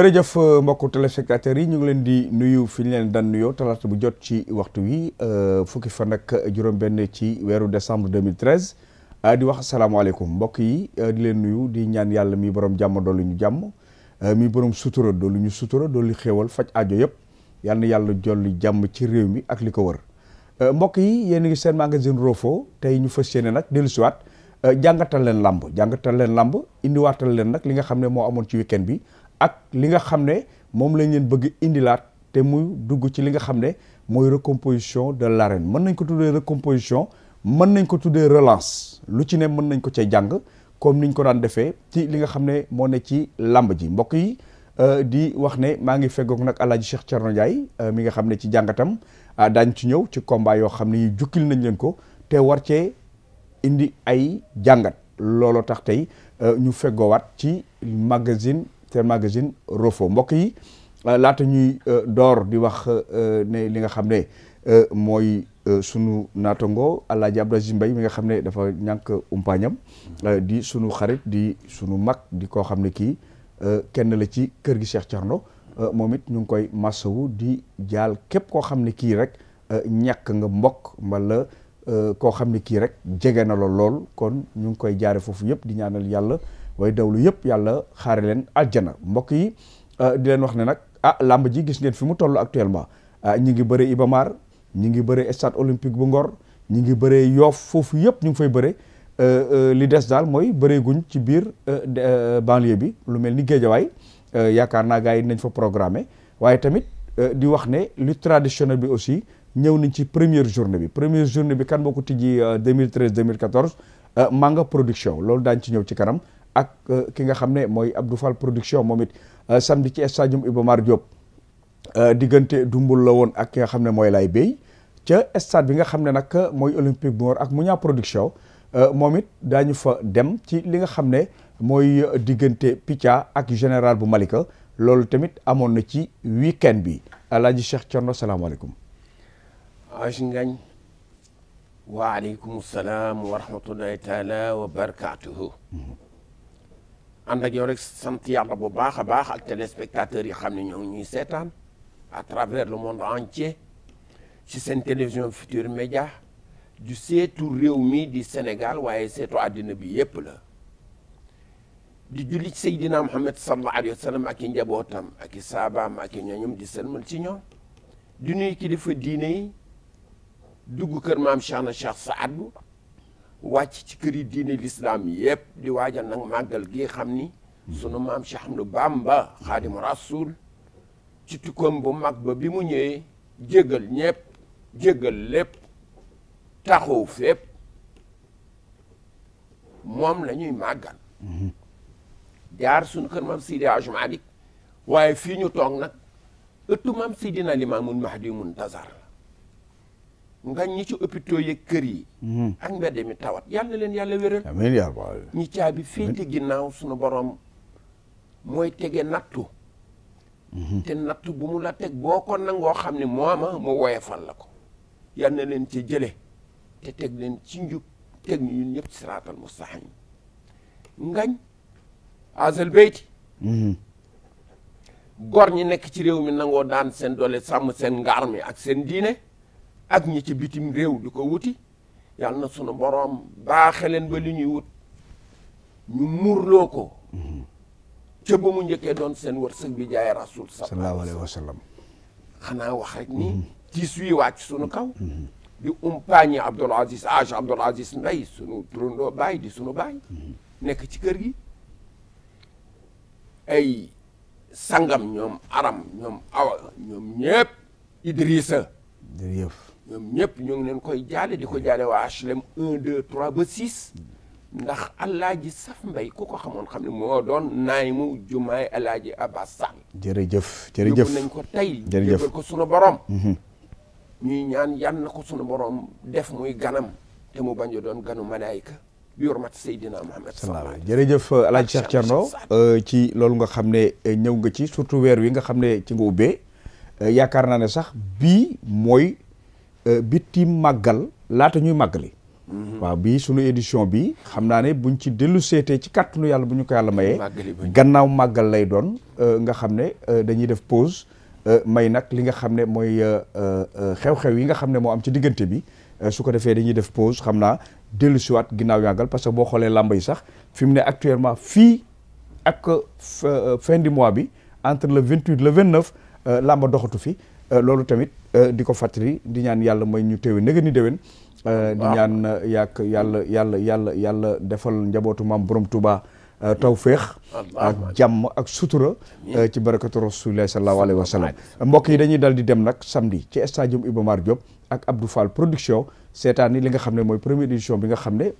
jërëjëf euh, mbokku téléspectateurs yi ñu ngi leen di nuyu fi ñu leen daan nuyoo talaata bu jot ci waxtu wi euh, fukki fan ak juróom-benn ci weeru decembre décembre 2013 euh, di wax asalaamaaleykum mbokk yi di leen nuyu di ñaan yàlla mii borom jàmm doolu ñu jàmm mii borom sutura doolu ñu sutura doolu xéewal faj ajo yëpp yal na yàlla jolli jàmm ci réew mi ak li ko wër. mbokk yi yéen ngi seen magazine Roffo tey ñu fas yéene nag dellusiwaat jàngatal leen làmb jàngatal leen làmb indiwaatal leen nag li nga xam ne moo amoon ci weekend bi. ak li nga xam ne moom lañ leen bëgg indilaat te muy dugg ci li nga xam ne mooy recomposition de l'arène mën nañ ko tuddee recomposition mën nañ ko tuddee relance lu ci ne mën nañ ko ca jàng comme niñ ko daan defee ci li nga xam ne moo ne ci làmb ji mbokk yi euh, di wax ne maa ngi feggoog nag Alaaji Cheikh Thierno Ndiaye euh, mi nga xam ne ci jàngatam ah, daañ ci ñëw ci combat yoo xam ne ñu jukkil nañ leen ko te war cee indi ay jàngat looloo tax tey euh, ñu feggoowaat ci magazine seen magazine Roffo mbokk yi euh, laata ñuy euh, door di wax euh, ne li nga xam ne mooy sunu naatango Alaaji Abdou Aziz Mbaye mi nga xam ne dafa ñànk umpaañam di sunu xarit di sunu mag di koo xam ne kii kenn la ci kër gi Cheikh Thierno moom it ñu ngi koy masawu di jaal képp koo xam ne kii rek ñàkk nga mbokk wala koo xam ne kii rek jege na lool lool kon ñu ngi koy jaare foofu yëpp di ñaanal yàlla way dawlu yëpp yàlla xaare leen aljana mbokk yi euh, di leen wax ne nag ah làmb ji gis ngeen fi mu toll actuellement ah, ñi ngi bëre Ibamar ñi ngi bëre stade olympique bu Ngor ñi ngi bëree yoof foofu yëpp ñu ngi fay bëre euh, euh, li des daal mooy bëree guñ ci biir banlieue bi lu mel ni Géejawaay yaakaar naa gars yi nañ fa programmer waaye tamit di wax ne lu traditionnel bi aussi ñëw nañ ci premier journée bi première journée bi kan moo ko tijji 2013 2014 Manga production loolu daañ ci ñëw ci kanam ak euh, ki nga xam ne mooy Abdou Fall production moom it euh, samedi ci stadium Iba Mar Diop euh, diggante dumbul la woon ak ki nga xam ne mooy lay béy ca stade bi nga xam ne nag mooy ak Muña production moom it daañu fa dem ci li nga xam ne mooy diggante Picca ak général bu Malika loolu tamit amoon na ci weekend bi alaaji Cheikh Thierno salaamaaleykum. Aji Ngañ waaleykum salaam wa rahmatullahi wa barakaatuhu. Mm-hmm. ànd ak yow rek sant bu baax a baax ak téléspectateurs yi xam ne ñoo ñuy seetaan à travers le monde entier ci seen télévision Futur Média du seetu réew mi di Sénégal waaye seetu àddina bi yépp la di julli ci Seydina Muhammad sallallahu alayhi wa sallam ak i njabootam ak i saabaam ak i ñoñom di sëlmal ci ñoom di nuyu kilifa diine yi dugg kër maam Cheikh na Cheikh Saad Bou wàcc ci kër yi diine lislaam yëpp di waajal nag màggal gi xam ni sunu maam Cheikh Ahmadou Bamba xaadimu rasul ci tukkoom bu mag ba bi mu ñëwee jéggal ñëpp jéggal lépp taxaw fépp moom la ñuy màggal jaar sunu kër maam Seydi Hadji Malick waaye fii ñu toog nag ëttu maam Seydina Limaamun Mahdi Muntazar nga ñi ci hôpitaux yeeg kër yi. Mhm. ak mbedd mi tawat yàlla na leen yàlla wéral. amiin yaa fii ñi caabi féete ginnaaw sunu borom mooy tege nattu. Mhm. te nattu bu mu la teg boo ko nangoo xam ne mooma mu woyefal la ko. yàlla na leen ci jële te teg leen ci njub teg ñu ñun ñëpp siraatal mustaqim ngañ azal beyti mhm. gor ñi nekk ci réew mi nangoo daan seen doole sàmm seen ngaar ak seen diine. ak ñi ci bitim réew di ko wuti yàlla na sunu boroom baaxe leen ba lu ñuy wut ñu muurloo ko mm-hmm. ca ba mu njëkkee doon seen wërsëg bi jaay rasul sallallahu alayhi wa sallam xanaa wax rek ni mm-hmm. tiis wii wàcc sunu kaw mm-hmm. di umpaañi Abdoul Aziz Aj Abdoul Aziz Mbaye sunu turandoo baay di sunu baay nekk ci kër gi ay sangam ñoom aram ñoom awa ñoom ñépp Idrissa ñoom ñëpp ñoo ngi leen koy jaale di ko jaale waa HLM 1 2 3 ba 6 ndax alaaji Saf Mbay ku ko xamoon xam ne moo doon naay mu jumaay alaaji Abbas Sall. jërëjëf jërëjëf yóbbu nañ ko tey. jërëjëf jébbal ko sunu borom. Mhm. ñuy ñaan yan na ko sunu borom def muy ganam te bañ doon ganu malaayika bi yormat Seydina Muhammad sallallahu alayhi jërëjëf alaaji Cheikh Thierno euh, ci loolu nga xam ne euh, ñëw nga ci surtout weer wi nga xam ne ci nga ubbee euh, yaakaar naa ne sax bii mooy. Euh, bi tiim màggal laata ñuy màggali. Mhm. waaw bii sunu édition bi xam naa ne buñ ci dellu seetee ci kàttanu yàlla bu ñu ko yàlla mayee. gannaaw màggal lay doon euh, nga xam ne euh, dañuy def pause. may nag li nga xam ne mooy xew-xew yi nga xam ne moo am ci diggante bi su ko defee dañuy def pause xam naa dellu siwaat ginnaaw yàggal parce que boo xoolee làmb yi sax fi mu ne actuellement fii ak fin de mois bi entre la vingt huit le vingt neuf làmb doxatu fi loolu tamit. Euh, di ko fàttali di ñaan yàlla may ñu teewe nëgë ni déwén euh, di ñaan euh, yàq yàlla yàlla yàlla yàlla defal njabootu maam borom Touba tawféex ak jàmm ak sutura ci barakatu rasulillah sallallahu alayhi wa mbokk yi dañuy dal di dem nag samdi ci stadium Iba Mar Diop ak Abdou Fall production seetaan li nga xam ne mooy première édition bi nga xam ne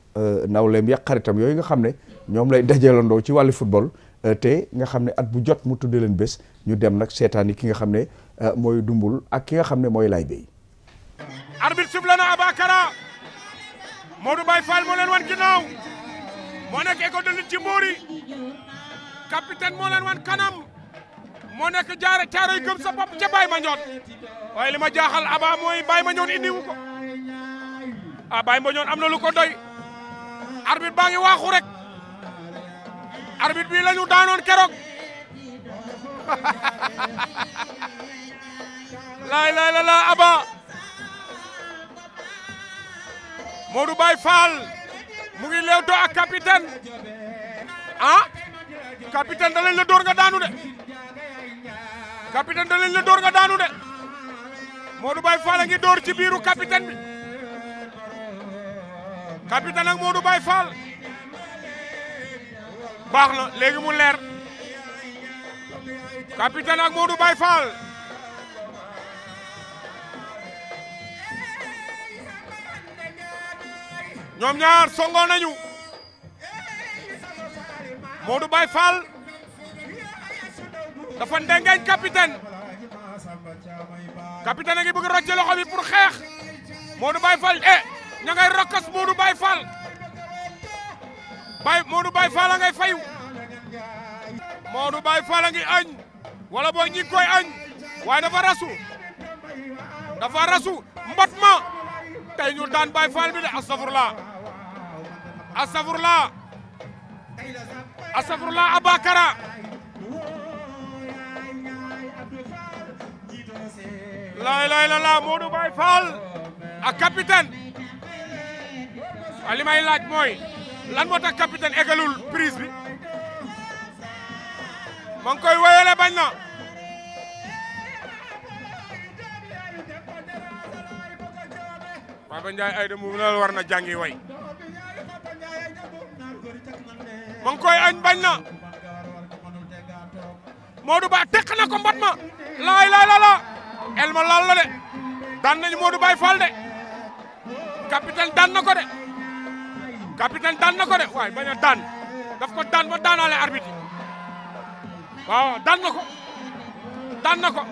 nawleem ya xaritam yooyu nga xam ne ñoom lay dajeelandoo ci wàllu football te nga xam ne at bu jot mu tuddee leen bés ñu dem nag seetaan ki nga xam ne Euh, mooy dumbul ak ki nga xam ne mooy lay bay arbitre sifle na Abakara Modou Baye Fall moo leen wan ginnaaw moo nekk école ci Mbouri capitaine moo wan kanam moo jaare caaro yi gëm ca Baye Mandione waaye li ma Aba mooy Baye Mandione indiwu ko ah am na lu ko doy arbitre baa ngi waaxu rek arbitre bi la ñu daanoon keroog laay laay la laa Aba Modou Baye Fall mu ngi leewtoo ak capitaine ah capitaine da leen la door nga daanu de capitaine da leen door nga daanu de Modou Baye Fall a ngi door ci biiru capitaine bi capitaine ak Modou Baye Fall baax na léegi mu leer capitaine ak Modou Baye Fall. ñoom ñaar songo nañu Modou Baye Fall dafa ndengeñ capitaine capitaine a ngi bëgg rocce loxo bi pour xeex Modou Baye Fall eh ña ngay rokkas Modou Baye Fall Baye Modou Baye Fall a ngay fayu Modou Baye Fall a ngi añ wala boo ñi koy añ waaye dafa rasu dafa rasu mbot ma tey ñu daan Baye Fall bi de astafurla astafurla astafurla Abakara laay laay la laa Modou Baye Fall ak capitaine li may laaj mooy lan moo tax capitaine égalul prise bi ma koy wéyale bañ na. Papa Ndiaye Aïda mu ne war na jàngi way ma koy añ bañ na Modou Ba tekk ko mbot ma laay laay la la el laal la de daan nañu Modou Baye de capitaine daan ko de capitaine daan ko de waaye a daan daf ko daan ba daanaale arbitre waaw daan na ko daan ko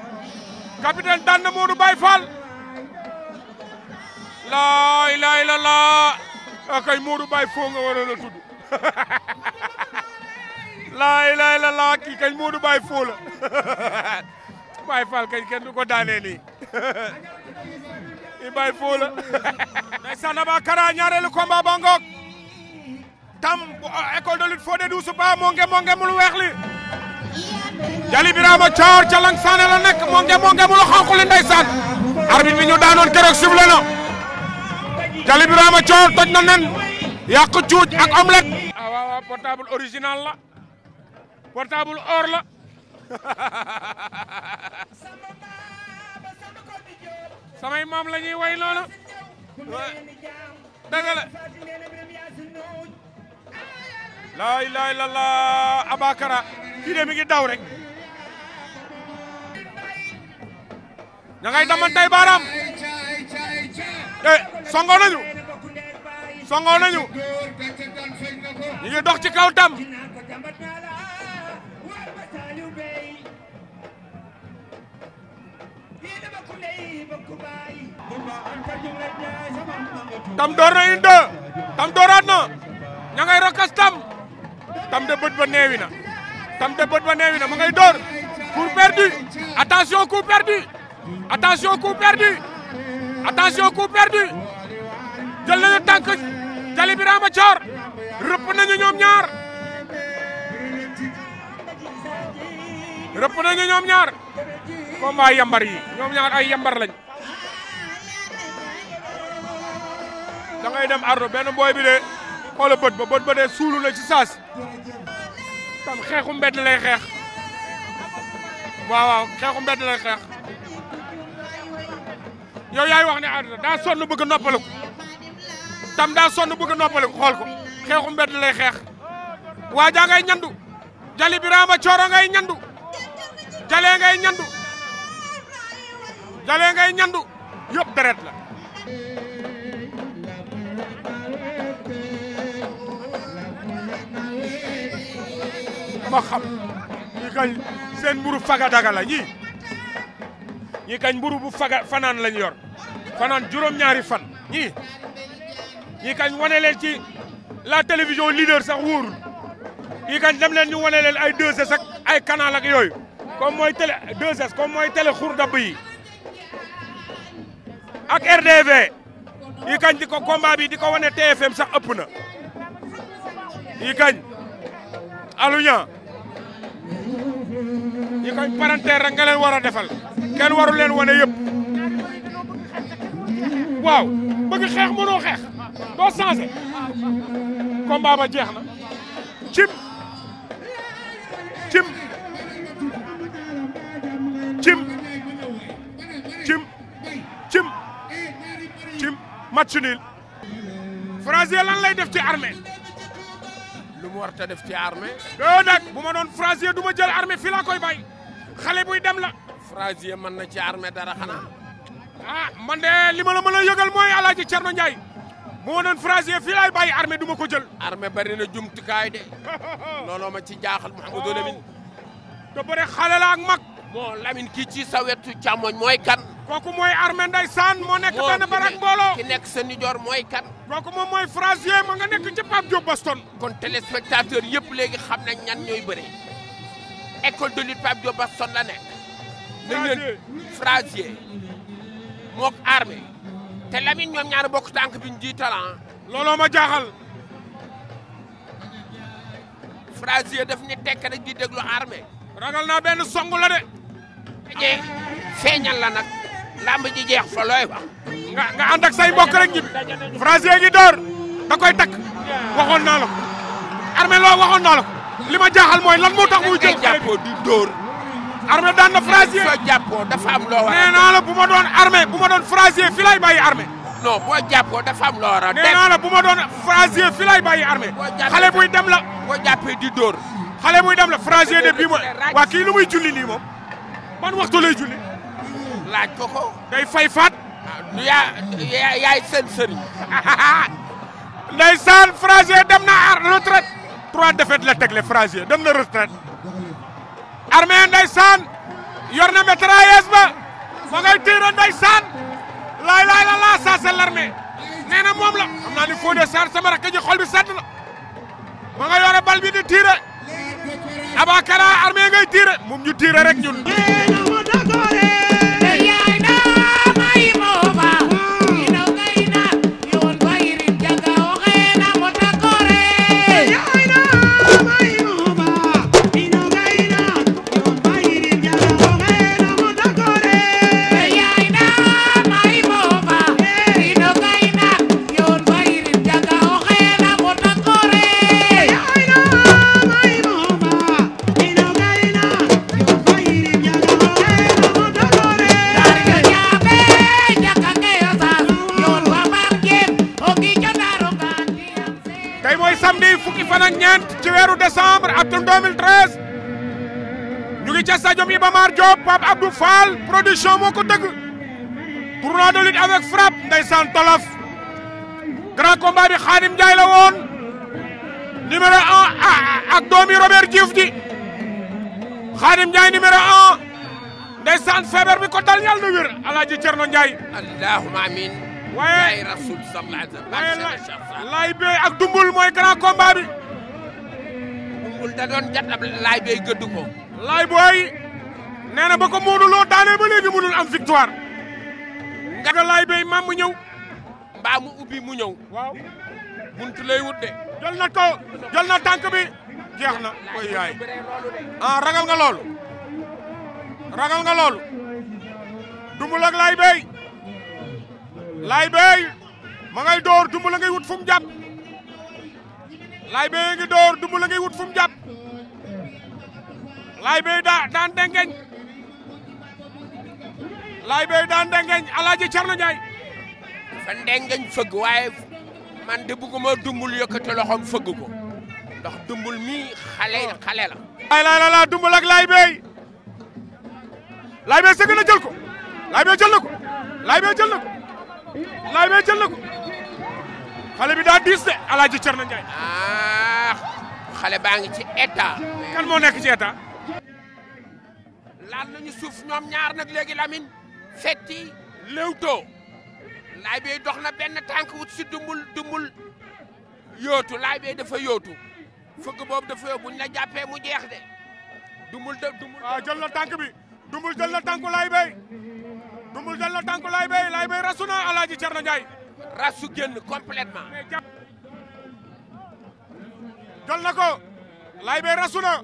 capitaine daan na Modou Baye laa ilaaha illallaah akay Modou Baye foo nga waroon a tudd laa ilaaha illallaah kii kañ Modou Baye foo la Baye Fall kañ kenn du ko daanee nii i Baye foo la ndeysaan Aba Kara ñaareelu tam école de lutte Fodé Doussou Ba moo nge moo Jali Birama Coor ca Langsane la nekk moo nge moo nge mul xonq li ndeysaan arbitre bi ñu daanoon keroog sifflé na Jali Birama Coor toj na nen ak omelette. ah waaw waaw la portable or la. samay maam lañuy ñuy way noonu. dëgg la. la ilaha illallah Abakara kii mi ngi daw rek. ña ngay damantay baaraam eh songo nañu songo nañu ñu ngi dox ci kaw tam tam door na une deux tam dooraat na rokas tam tam de bët ba neewi tam de bët ba neewi na ngay door coup perdu attention coup perdu attention coup perdu attention coup perdu jël nañu tànk Jali Birama Thior rëpp nañu ñoom ñaar rëpp nañu ñoom ñaar comme yambar yi ñoom ñaar ay yambar lañ da ngay dem ardo benn booy bi de xoola bët ba bët ba de suulu na ci saas tam xeexu mbedd lay xeex waaw waaw xeexu xeex yow yaay wax ne Ada daa sonn bëgg a noppaliku tam daa sonn bëgg a noppaliku xool ko xeexu mbedd lay xeex waa jaa ngay ñandu jali ngay ñandu jalee ngay ñandu jalee deret la ma xam ñi kañ seen mburu faga daga la ñi kañ mburu faga fanaan lañ yor fanaan juróom-ñaari fan ñii ñii kañ wane leen ci la télévision leader sax wóorul ñii kañ dem leen ñu wane leen ay 2 ay canal yooyu comme mooy télé 2S comme mooy télé xur dabb yi ak RDV ñii kañ di ko combat di ko wane TFM sax ëpp na ñii kañ aluña ñii kañ parenteer rek war a defal kenn waru wane yëpp waaw bëgg xeex mënoo xeex doo changé combat ba jeex na cim cim cim cim cim cim match nul Frazier lan lay def ci armée lu mu war ta def ci armée doo nag bu ma doon Frazier du ma jël armée fii laa xale buy dem la Frazier mën na ci arme dara xanaa ah man de li ma a yëgal mooy El Hadj Thierno Ndiaye moo doon français fii laay bàyyi armée du ma ko jël. armée bari na jumtukaay de looloo ma ci jaaxal Mouhamadou Lamine. te bëre xale la mag. bon Lamine kii ci sa wetu càmmoñ mooy kan. kooku mooy armée ndeysaan moo nekk benn barak mbooloo ki nekk sa nijoor mooy kan. kooku moom mooy français ma nga nekk ci Pape Diop Boston. kon téléspectateur yëpp léegi xam nañ ñan ñooy bëre école de lutte Boston la nekk. nañ leen Frazier mook armée te Lamine ñoom ñaar bokk tànk bi ji talent. Ah. looloo ma jaaxal. Frazier daf ñu tekk rek di déglu armée. ragal naa benn song la de. feeñee feeñal la nag làmb ji jeex fa looy wax. nga nga ànd rek ñibbi. Frazier gi door da takk. waxoon naa la ko. armée loo waxoon naa la li ma jaaxal mooy lan moo tax muy jël xale dóor. armée daan na fraisier soo jàppoo dafa am loo a nee naa la bu ma doon armée bu ma doon fraisier fi lay bàyyi a nee naa la bu ma doon fraisier fi lay bàyyi armée xale buy de bii ma waa kii lu muy julli nii moom ban waxtu lay julli ko ko day fay faat ah, yaa yaay seen sëriñ ndeysaan fraisier dem na ar retraite trois défaites la tegle fraisier dem na retraite armée ndeysaan yor na mitrailleuse ba ma ngay tiira ndeysaan laay laay la laa ça c'est l'armée nee na moom la xam naa ni Fodé Sarr sama xol bi sedd na ma nga yore bal bi di tiire Abakara armée ngay tiire moom tiire rek ñun fan ak ñeent ci weeru décembre atum 2013 ñu ngi ca stadium Iba Mar Diop Pape Abdou Fall production moo ko dëgg tournoi de lutte avec frappe ndeysaan tolof grand combat bi Khadim Ndiaye la woon ah, ah, ak doomi Robert Diouf ji Khadim Ndiaye numéro 1 ndeysaan feebar bi ko dal yàlla na wér Alaaji Cerno Ndiaye allahumma amiin waaye waaye laay bee ak dumbul mooy grand combat yombul da doon laay booy gëdd ko. laay booy nee ba ko Modou Lo daanee ba léegi mënul am victoire. nga nga laay booy maam mu ñëw. mbaa mu ubbi mu ñëw. waaw buntu wut de. jël na ko jël na tànk bi jeex na. koy yaay ah ragal nga loolu. ragal nga loolu. dumbul ak laay booy. laay booy ma ngay door dumbul ngay wut fu mu jàpp. laay bee ngi door dumb la ngay wut fu mu jàpp laay bee daa daan dengeñ laay bee daan dengeñ alaaji Cerno Njaay fa ndengeñ fëgg waaye man de bugguma dumbul yëkkati loxoom fëgg ko ndax dumbul mi xale xale la laay laay laa dumbul ak laay bee laay jël ko laay bee jël na ko laay bee jël na ko laay bee jël na ko xale bi daa diis de El Hadj Thierno Ndiaye. ah xale baa ngi ci état. kan moo nekk ci état. laal nañu suuf ñoom ñaar nag léegi Lamine fetti lewtoo laay bey dox na benn tànk wut si dumbul dumbul yootu laay bey dafa yootu fëgg boobu dafa yóbbu buñ la jàppee mu jeex de dumbul de dumbul. Ah, jël na tànk bi dumbul jël na tànk laay bey dumbul jël na tànku laay bey laay bey rasu na El Hadj Thierno rasu génn complètement jël na ko lay rasu na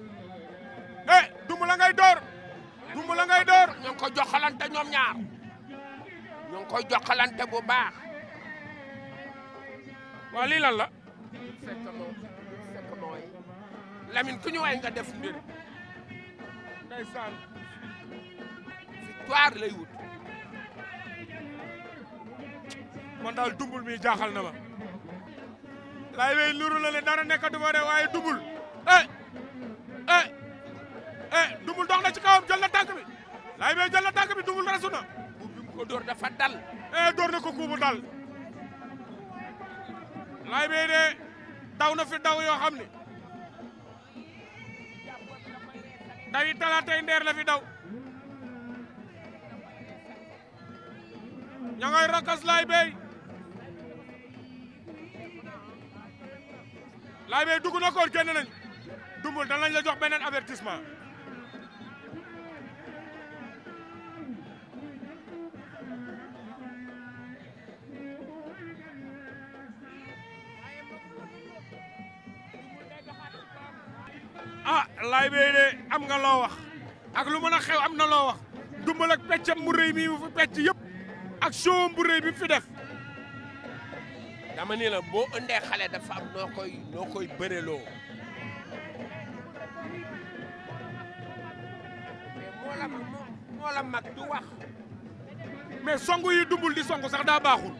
eh dumb la ngay door dumb la ngay door ñu ngi ko joxalante ñoom ñaar ñu ngi koy baax waaw lan la fekk moom ku ñu way nga def mbir ndeysaan victoire wut man daal dumbul mi jaaxal na ma. laay wey luru la ne dara nekkatu ma waaye dumbul eh eh eh dumbul dox na ci kawam jël na tànk bi laay wey jël na tànk bi dumbul rasu na. kuub bi ko door dafa dal. eh door na ko de daw na fi daw yoo xam ne. dawi talaatay ndeer la fi daw ña ngay rakas bey laay bay dugg na koon génn nañ dumbul danañ la jox beneen avertissement ah laay de am nga loo wax ak lu mën a xew am na loo wax dumbul ak peccam mu rëy mi mu fi pecc yëpp ak showam bu bi fi def dama ni la boo ëndee xale dafa am noo koy noo koy bëreloo moo la moo la mag du wax mais songu yi dumbul di songu sax daa baaxul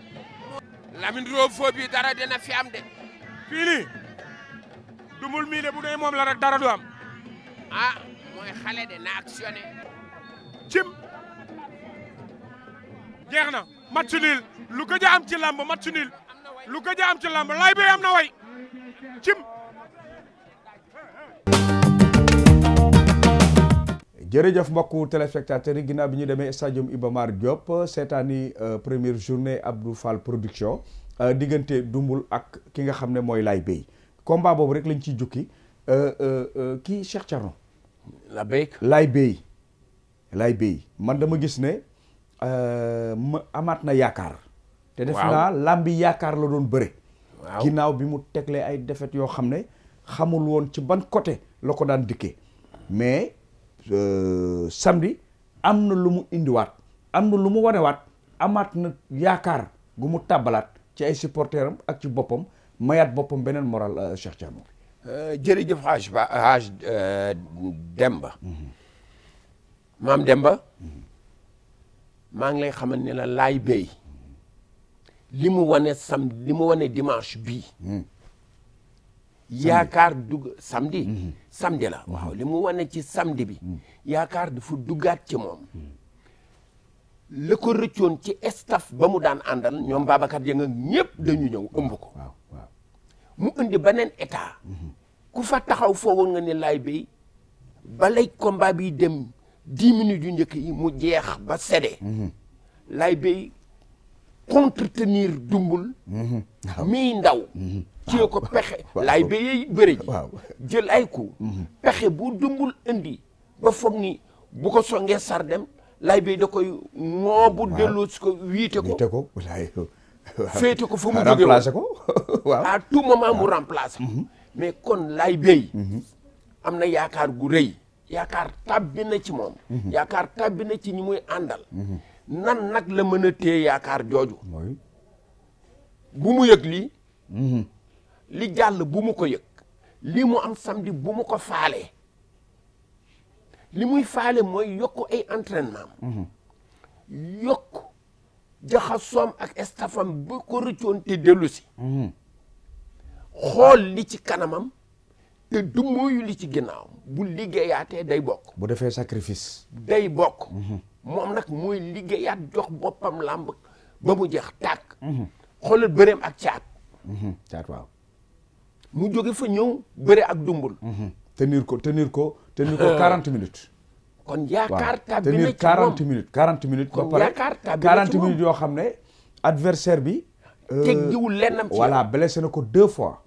Lamine Roo foo bi dara dina fi am de fii dumbul mii bu dee moom la rek dara du am ah mooy xale de na actionné cim jeex na match nul lu am ci làmb match nul lu gëj a am ci làmb lay bay am na way cim. jërëjëf mbokku téléspectateurs yi ginnaaw bi ñu demee stadium Iba Mar Diop seetaani euh, première journée Abdou Fall production euh, diggante Dumbul ak ki nga xam ne mooy lay bay combat boobu rek lañ ciy jukki euh, kii Cheikh Thierno. laay bay lay bay man dama gis ne ma amaat na yaakaar. te def naa làmbi yaakaar la doon bëre ginnaaw bi mu teglee ay defet yoo xam ne xamul woon ci ban côté la ko daan dikkee mais euh, samedi am na lu mu indiwaat am na lu mu wanewaat amaat na yaakaar gu mu tàbbalaat ci ay supporteram ak ci boppam mayaat boppam beneen moral euh, Cheikh Thiam euh, jërëjëf Haaj ba Haaj Demba mhm. maam Demba maa ngi lay xamal ni la laay béy li mu wane samedi li mu wane dimanche bii. Hmm. yaakaar dugg samedi. Hmm. samedi la waaw li mu wane ci samdi bi. Hmm. yaakaar dafa duggaat ci moom. la ko rëccoon ci staff ba mu daan àndal ñoom Babacar Dieng ñépp dañu ñëw ëmb ko. mu indi beneen état. ku fa taxaw foo woon nga ne laay bay balay komba bi dem dix yu njëkk yi mu jeex ba sede. laay bay contretenir dumbul mhm. miy ndaw mhm. ci ko pexe laay ba yey bëri ji jël ay ko mhm. pexe bu dumbul indi ba foog ni bu ko songee sar dem laay bay da koy moobu delloo si ko wiite ko féete ko fa mu jóge remplacé ko waaw à tout moment mu remplace mais kon laay bay am na yaakaar gu rëy yaakaar tàbbi na ci moom yaakaar tàbbi na ci ñi muy àndal nan nag la mën a téye yaakaar jooju bu mu yëg lii mm-hmm. li jàll bu mu ko yëg lii mu am samedi bu mu ko faalee li muy faale mooy yokk ay entraînement am mm-hmm. yokk jaxasoom ak estafam ba ko rëccoon te dellu si mm-hmm. xool li ci kanamam te du mooyu li ci ginnaaw bu liggéeyaatee day bokk bu defee sacrifice day bokk moom nag mooy liggéeyaat jox boppam làmb ba mu jeex tàkk. xoolal bëreem ak caat. caat waaw. mu jóge fa ñëw bëre ak dumbul. tenir ko tenir ko tenir ko 40 euh, minutes. kon yaakaar tab bi na ci moom 40 minutes 40 minutes. ba pare yoo xam ne. adversaire bi. Euh, teggiwul lennam ci voilà blessé na ko deux fois.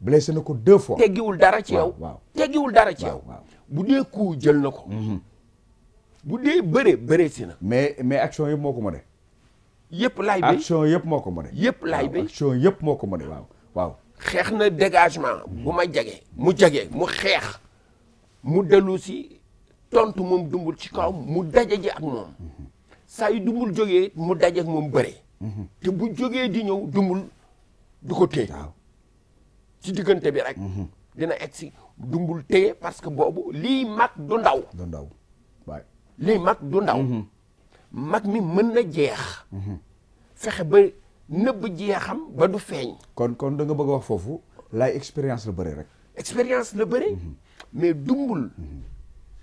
blessé na ko deux fois. teggiwul dara ci yow. waaw teggiwul dara ci yow. bu dee ku jël na ko. Mhm. bu dee bëree bëree si na. mais mais action yëpp moo ko mënee. yëpp laay bay yëpp moo ko mënee. yëpp laay bay action yëpp moo ko mënee waaw waaw. xeex na dégagement bu ma jege mu jege mu xeex mu dellu si tontu moom dumbul ci kaw mu daje ji ak moom saa yu dumbul jógee mu dajak ak moom bëre. te bu jógee di ñëw dumbul du ko téye. ci diggante bi rek. Mhm. dina egg si dumbul téye parce que boobu lii mag du du ndaw. lii mag du ndaw mhm. mag mi mën na jeex mhm. fexe ba nëbb jeexam ba du feeñ kon kon da nga bëgg a wax foofu laay expérience la bëri rek expérience la bëri mhm. mais dumbul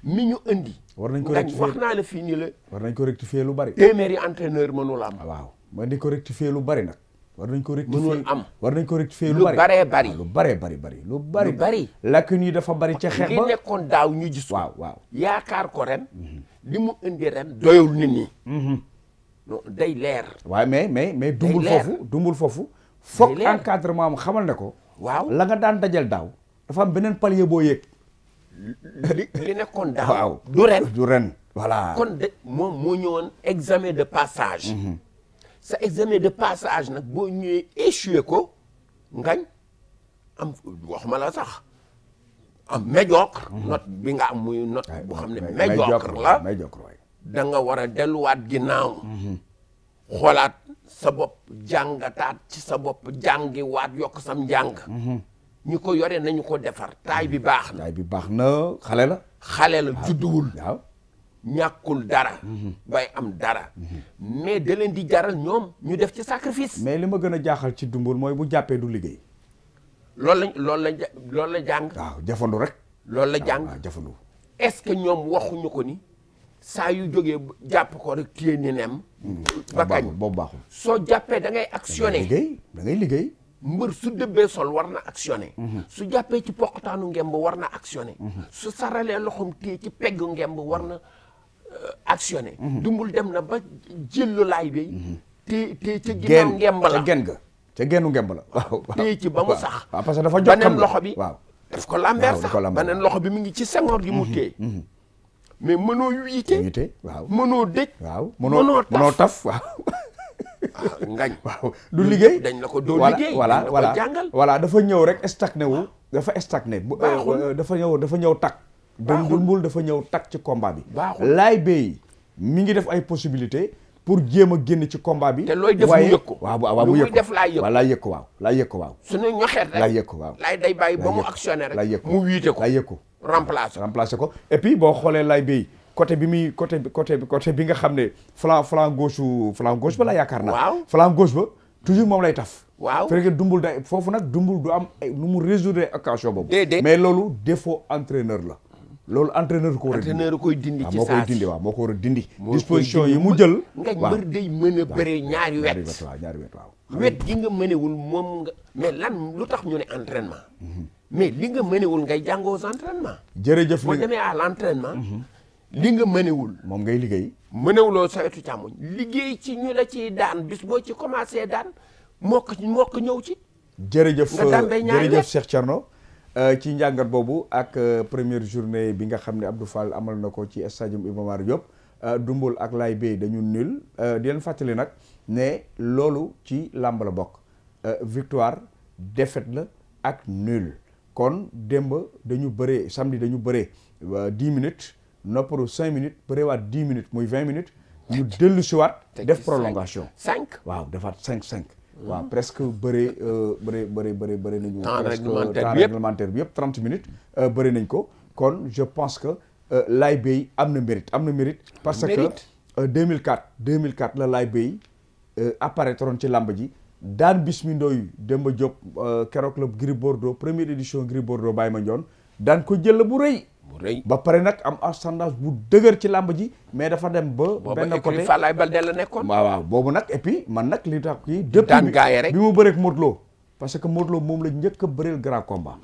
mi ñu indi war nañ ko rectifier wax naa la fii nii la war nañ ko rectifier lu bari téeméeri entraîneur mënu la am ah, waaw man di ko rectifier lu bari nag war nañ ko rectifier mënul am war nañ ko rectifier lu ah, bari bari lu bari bari bari lu bari bari lacune yi dafa bari ca xeex ba li nekkoon daaw ñu gis waaw waaw yaakaar ko ren mhm. li mu indi ren doyul nit ñi mhm. day leer waaw mais mais mais dumbul foofu dumbul foofu foog encadrement am xamal ne ko waaw la nga daan dajal daaw dafa beneen palier boo yëg li nekkoon daaw du ren du voilà kon de moom moo ñëwoon examen de passage mhm. sa examen de passage nag boo ñëwee échoué ko ngañ am wax ma la sax am médiocre mhm. note bi nga am muy note boo xam ne médiocre la da nga war a delluwaat ginnaaw mhm. xoolaat sa bopp jàngataat ci sa bopp jàngiwaat yokk sam njàng mhm. ñu ko yore nañu ko defar taay bi baax na taay bi baax na xale la xale la judduwul waaw ñàkkul dara. bay am dara. mais da leen di jaral ñoom ñu def ci sacrifice. mais li ma gën a jaaxal ci Dumbul mooy bu jàppee du liggéey. loolu lañ loolu la loolu la jàng. waaw jafandu rek. loolu la ah, jàng jafandu. est-ce que ñoom waxuñu ko ni saa yu jógee jàpp ko rek téye ni nem. Hmm. ba kañ boobu baaxul soo jàppee da ngay actionné da liggéey da ngay liggéey. mbër su dëbbee sol war na actionné. Hmm. su jàppee ci poqataanu ngemb war na actionné. Hmm. su saralee loxoom téye ci peggu ngemb war na. actionné. dumbul dem na ba jëllu laay bi. Mhm. te te ca ginnaaw ngemb la gen ga ca gennu ngemb la waaw. téye ci ba mu sax. waaw ah, parce que dafa jot beneen loxo bi waaw. daf ko lambeer loxo bi mu ngi ci sengoor gi mu mhm, téye. Mhm. mais mënoo wiite. wiite waaw mënoo dëj. waaw mënoo mënoo taf waaw. Ah, ngañ waaw du liggéey dañ la ko doo liggéey voilà voilà jàngal voilà dafa ñëw rek stagné wu dafa bu euh, dafa ñëw dafa ñëw takk baaxul Mbul dafa ñëw takk ci combat bi. baaxul laay bay mu ngi def ay possibilité pour jéem a génn ci combat bi. te looy def mu yëg ko waaw waaw mu yëg laa yëg ko waaw laa yëg waaw laa yëg ko waaw. suñu ñoxeet rek laa ko waaw. laay day bàyyi ba mu actionné rek. laa yëg ko mu wiite ko laa yëg ko. remplacé ko et boo xoolee laay bay côté bi muy côté côté côté bi nga xam ne flanc flanc gauche flanc gauche ba la yaakaar naa. waaw flanc ba toujours moom lay taf. waaw fekk dumbul day foofu nag dumbul du am nu mu résoudre occasion boobu. mais loolu défaut entraîneur la loolu entraîneur ko war a dindi koy dindi ci saa si waaw moo ko war a dindi disposition yi mu jël nga mbër day mën a bëre ñaari wet waaw ñaari wet waaw wet gi nga mënewul moom nga mais lan lu tax ñu ne entraînement mhm. mais li nga mënewul ngay jàngoo entraînement jërëjëf boo demee à l'entraînement mhm. li nga mënewul moom ngay liggéey mënewuloo sa wetu càmmoñ liggéey ci ñu la ciy daan bis boo ci commencé daan mokk mokk ñëw ci jërëjëf jërëjëf Cheikh Thierno Euh, ci njàngat boobu ak euh, première journée bi nga xam ne Abdou Fall amal na ko ci stade Iba Mar Diop euh, Dumbul ak Laye Bey dañu nul di den fàttali nag ne loolu ci làmb la bokk victoire défaite la ak nul kon démb dañu bëree samedi dañu bëree dix minutes nopparu cinq minutes bëreewaat dix minutes muy vingt minutes ñu dellu siwaat def prolongation cinq waaw defaat cinq cinq waaw presque bëre euh, bëre bëre bëre bëre nañu. temps réglementaire bi yëpp trent minutes euh, bëre nañ ko kon je pense que euh, Laye Bey am na mérite am na mérite. parce que mille mille 2004 la Laye Bey apparaître woon ci làmb ji daan Bismi Ndoye Demba Diop keroog la Gris Bordeaux première édition Gris Bordeaux ma Mandione daan ko jël bu rëy. bu ba pare nag am ascendance bu dëgër ci làmb ji mais dafa dem ba benn côté Falaye Baldé la nekkoon waaw waaw boobu nag et puis man nag li tax kii daan gaay rek bi mu bëreek Modou parce que Modou moom la njëkk a bëreel grand combat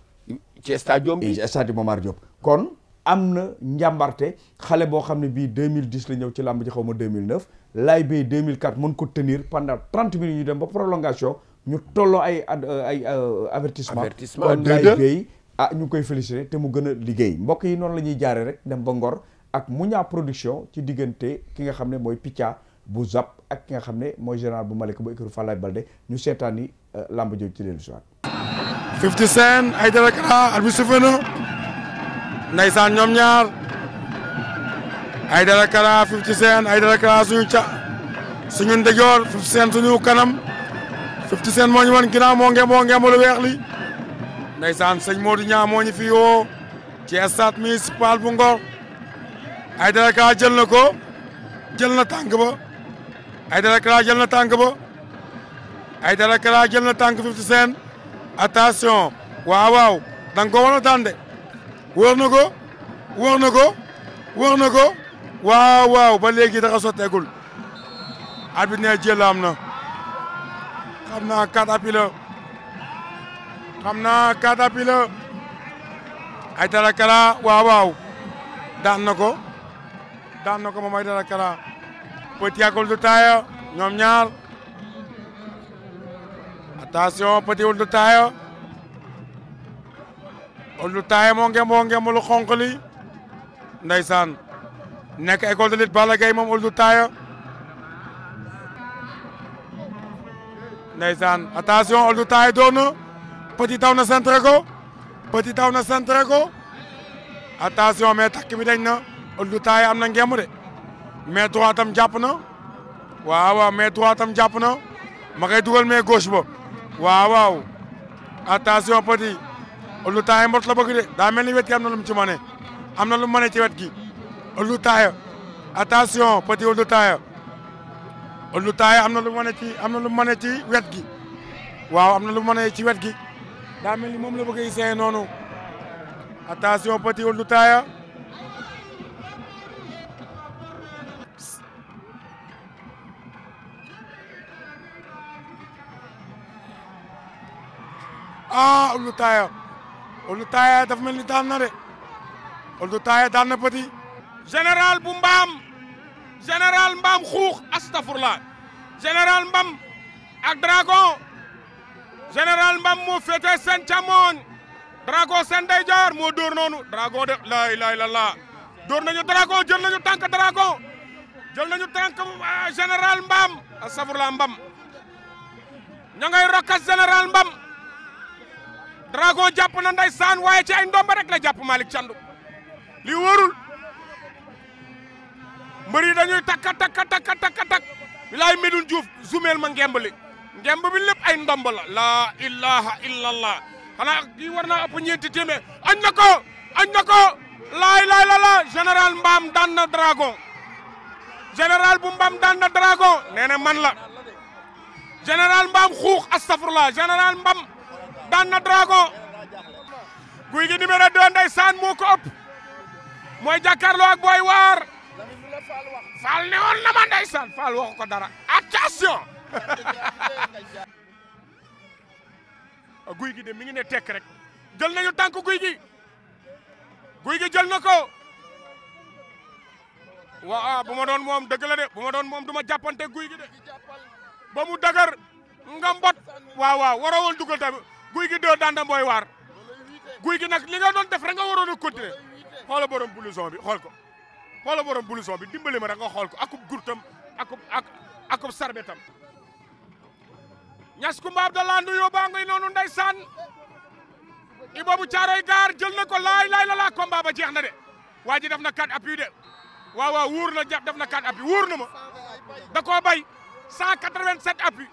ci stade bi stade Momar Diop kon am na njàmbarte xale boo xam ne bii mille 2010 la ñëw ci làmb ji xaw ma 2009 lay bay 2004 mën ko tenir pendant 30 minutes ñu dem ba prolongation ñu tolloo ay euh, ay euh, avertissement kon lay ah ñu koy féliciter te mu gën a liggéey mbokk yi noonu la ñuy jaaree rek dem ba Ngor ak mu Mounia production ci diggante ki nga xam ne mooy Picca bu Zap ak ki nga xam ne mooy général bu Malika bu écurie Falaye de ñu seetaani ni euh, làmb ci dellu siwaat Fifty Cent ay darakara at bi sifé na ndaysaan ñoom ñaar ay darakara Fifty Cent ay darakara suñu ca suñu ndejoor Fifty Cent suñu kanam Fifty Cent moo ñu wan ginnaaw moo ngee moo ngee lu weex ndeysaan sëñ Modou Niang moo ñu fi woo ci stade municipal bu Ngor Aïdara Kara jël na ko jël na tànk ba Aïdara Kara jël na tànk ba Aïdara Kara jël na tànk Fifty Cent attention waaw waaw da ko war a daan na ko wër na ko wër na ko waaw waaw ba léegi dafa sotteegul arbitre ne jël am na xam naa quatre appuis xam naa Katapila ay dara kala waaw waaw daan na ko daan na ko moom ay dara kala Petit ak Ould Taya ñoom ñaar attention Petit Ould Taya Ould Taya moo ngeem moo ngeem lu xonq li ndeysaan nekk école de lutte Balla Gaye moom Ould Taya ndeysaan attention doon Petit taw na centré ko Petit taw na centré ko attention mais takk bi dañ na ëldu taay am na ngemb de mais droit tam jàpp na waaw waaw mais droit tam jàpp na ma koy dugal mais gauche ba waaw waaw attention Petit ëldu taay mbot la bëgg de daa mel ni wet gi am na lu mu ci mane am na lu mu mane ci wet gi ëldu taay attention Petit ëldu taay ëldu taay am na lu mu mane ci am na lu mu mane ci wet gi waaw am na lu mu mane ci wet gi daa mel ni moom la bëgg a essayer noonu attention Petit Ould Taaya ah dafa mel ni daan na de Ould Taaya daan na Petit bu mbaam général mbaam xuux astafurla général mbam ak dragon général Mbam moo féetee seen càmmoñ Drago seen ndeyjoor moo dóor noonu Drago de laa ilaaha illallaah dóor nañu Drago jël nañu tànk Drago jël nañu tànk euh, général Mbam astafurlaa Mbam ña ngay rokkas général Mbam Drago jàpp na ndeysaan waaye ci ay ndomba rek la jàpp Malick Thiandou li wóorul mbër dañuy takka takka takka takka takk bilaay Medoune Diouf zumeel ma ngembali ngemb bi lépp ay ndomb la laa ilaha illallah xanaa war naa ëpp ñeenti téeméer añ ko añ ko laay laay la la général mbaam daan na dragon bu mbaam daan na dragon man la général mbaam xuux astafurlah général mbaam daan na guy gi numéro 2 ndeysaan moo ko mooy jàkkaarloo ak booy waar faal ne woon na ma ndeysaan faal waxu ko dara attention Ah, guy gi de mi ngi ne tekk rek jël nañu tànk guy gi guy gi jël na ko waaw ah, bu ma doon moom dëgg la de bu ma doon moom du ma jàppante guy gi de ba mu dagar nga mbot waaw waaw waroo woon dugal tamit guy gi doo daan waar guy gi nag li nga doon def rek nga waroon a continuer xoola borom blouson bi xool ko xoola borom blouson bi dimbali ma rek nga xool ko akub gurtam akub akub sarbetam ñas kumba abdallah nduyo baa ngay noonu ndeysaan Ibo bu caaroy gaar jël na ko laay laay la laa jeex na de waa def na quatre appui de waaw waaw wóor na def na quatre appui wóor na ma da koo bay 187 appui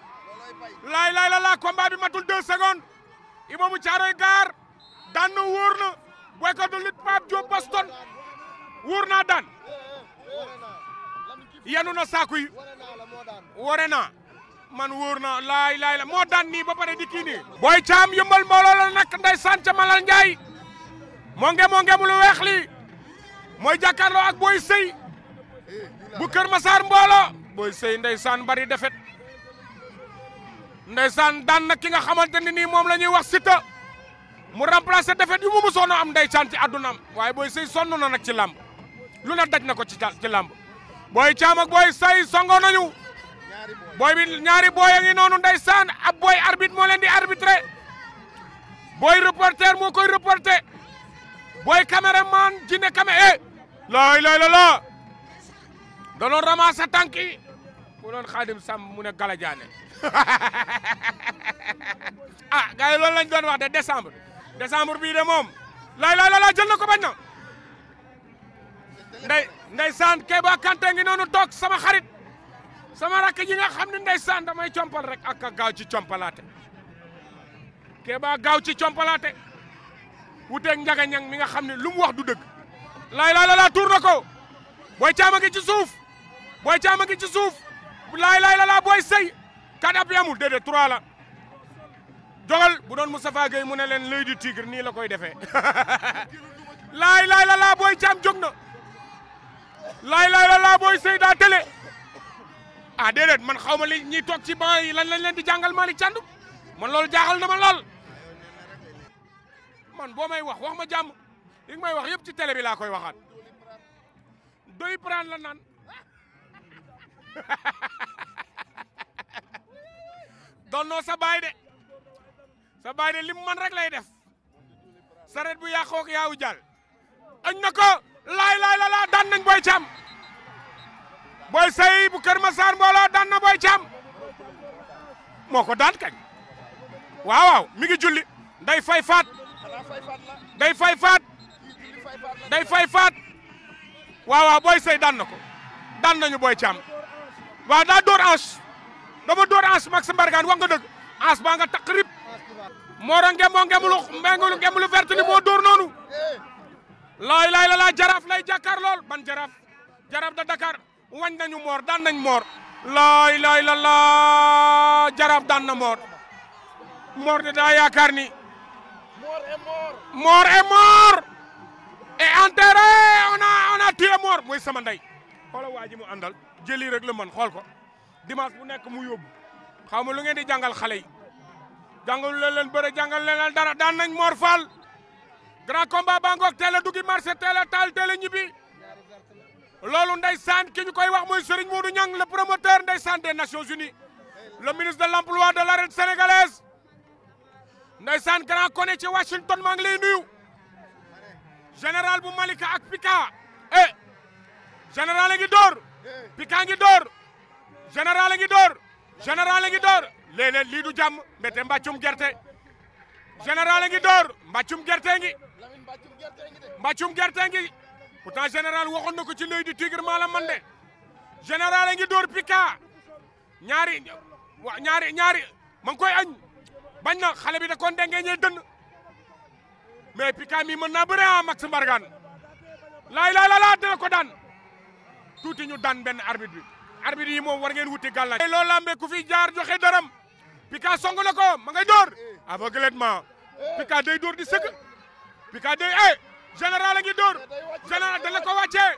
laay laay la laa combat bi matul deux secondes Ibo bu caaroy gaar daan na wóor na ko du lit Pape Boston wóor naa daan yanu na saaku yi wore naa man wóor na laay laay la moo daan nii ba pare di kii nii. caam yëmbal mbooloo la nag nday sànca malal njaay moo nge moo nge mu lu weex li mooy jàkkaarloo ak booy sëy bu Kër Masaar mbooloo booy sëy nday saan bari defet nday saan daan na ki nga xamante ni nii moom la ñuy wax sita mu remplacer defet yu mu musoon a am nday saan ci àddunaam waaye booy sëy sonn na nag ci làmb lu ne daj na ko ci ci làmb booy caam ak booy sëy songo nañu booy bi ñaari booy a ngi noonu ndeysaan ab booy arbitre moo leen di arbitré booy reporter moo koy reporté booy caméraman jine camé e eh! looy looy la la danoon ramassé tànk yi mu doon xaadim sàmm mu ne gala jaane ah gars lañ doon wax de décembre décembre bii de moom lay lay la jël na ko bañ na nday ndeysaan Keba Kanté ngi noonu toog sama xarit sama rakk yi nga xam ne ndeysaan damay compal rek ak a gaaw ci compalaate kee baa gaaw ci compalaate wuteeg njaga ñang mi nga xam ne lu mu wax du dëgg laay laay lalaa tuur na ko booy caama ngi ci suuf booy caama ngi ci suuf laay laay lalaa booy sëy kat ab yamul déedéet trois la jogal bu doon Moustapha Gueye mu ne leen l'œil du nii la koy defee laay laay lalaa booy caam jóg na laay laay lalaa booy sëy daa télé ah man xaw ma li ñuy toog ci banc yi lan lañ leen di jàngal Malick Thiandoum man loolu jaaxal na ma lool man boo may wax wax ma jàmm li nga may wax yépp ci télé bi laa koy waxaat doy prendre la naan donnoo sa baay de sa de lim man rek lay def saret bu yàqoo ak yaawu jàll añ na ko laay laay la laa daan nañ booy càmm booy say bu Kër Masar mbooloo daan na booy caam moo ko daan kañ waaw mi ngi julli day fay faat day fay faat day fay faat waaw waaw booy say daan na ko daan nañu booy caam waaw daa dóor as dama dóor as Max Mbargaan wax nga dëgg as baa nga taq rib mooro ngemboo ngembulu mbengulu ngembulu dóor noonu looy laay la laa jaraaf lay jàkkaar lool ban jaraaf jaraaf da Dakar wañ nañu moor dan nañ moor laay laay la laa jaraaf daan na moor moor de daa yaakaar ni moor est mort et enterré on a on a tué mort mooy sama ndey xoola waa ji mu àndal jëli rek la man xool ko dimanche bu nekk mu yóbbu xaw ma lu ngeen di jàngal xale yi jàngalu leen leen bëre jàngal leen leen dara daan nañ moor Fall grand combat ba ngoog teel a duggi marché teel a taal teel a ñibbi loolu ndeysaan ki ñu koy wax mooy Serigne Modou Niang le promoteur ndeysaan des Nations Unies le ministre de l'emploi de l'arène sénégalaise ndeysaan grand kone ci Washington maa ngi lay nuyu général bu Malika ak Pika eh ngi door Pika ngi door général a ngi door général a ngi door léeg-léeg lii jàmm mbete mbàccum gerte général a ngi door mbàccum gerte ngi mbàccum gerte ngi pourtant général waxoon na ko ci l'œil du tigre maa man de général a ngi door pika ñaari wa ñaari ñaari ma ngi koy añ bañ na xale bi da dengee ñee dënn mais pika mi mën naa bëre a ah, Max Mbargane laay laay la laa dina ko daan tuuti ñu daan benn arbitre bi arbitre yi moom war ngeen wuti gàllankoor. tey ku fi jaar joxe daram Pika song ko ma ngay door aveuglement Pika day door di sëgg Pika day eh général a ngi dóor général dana ko wàccee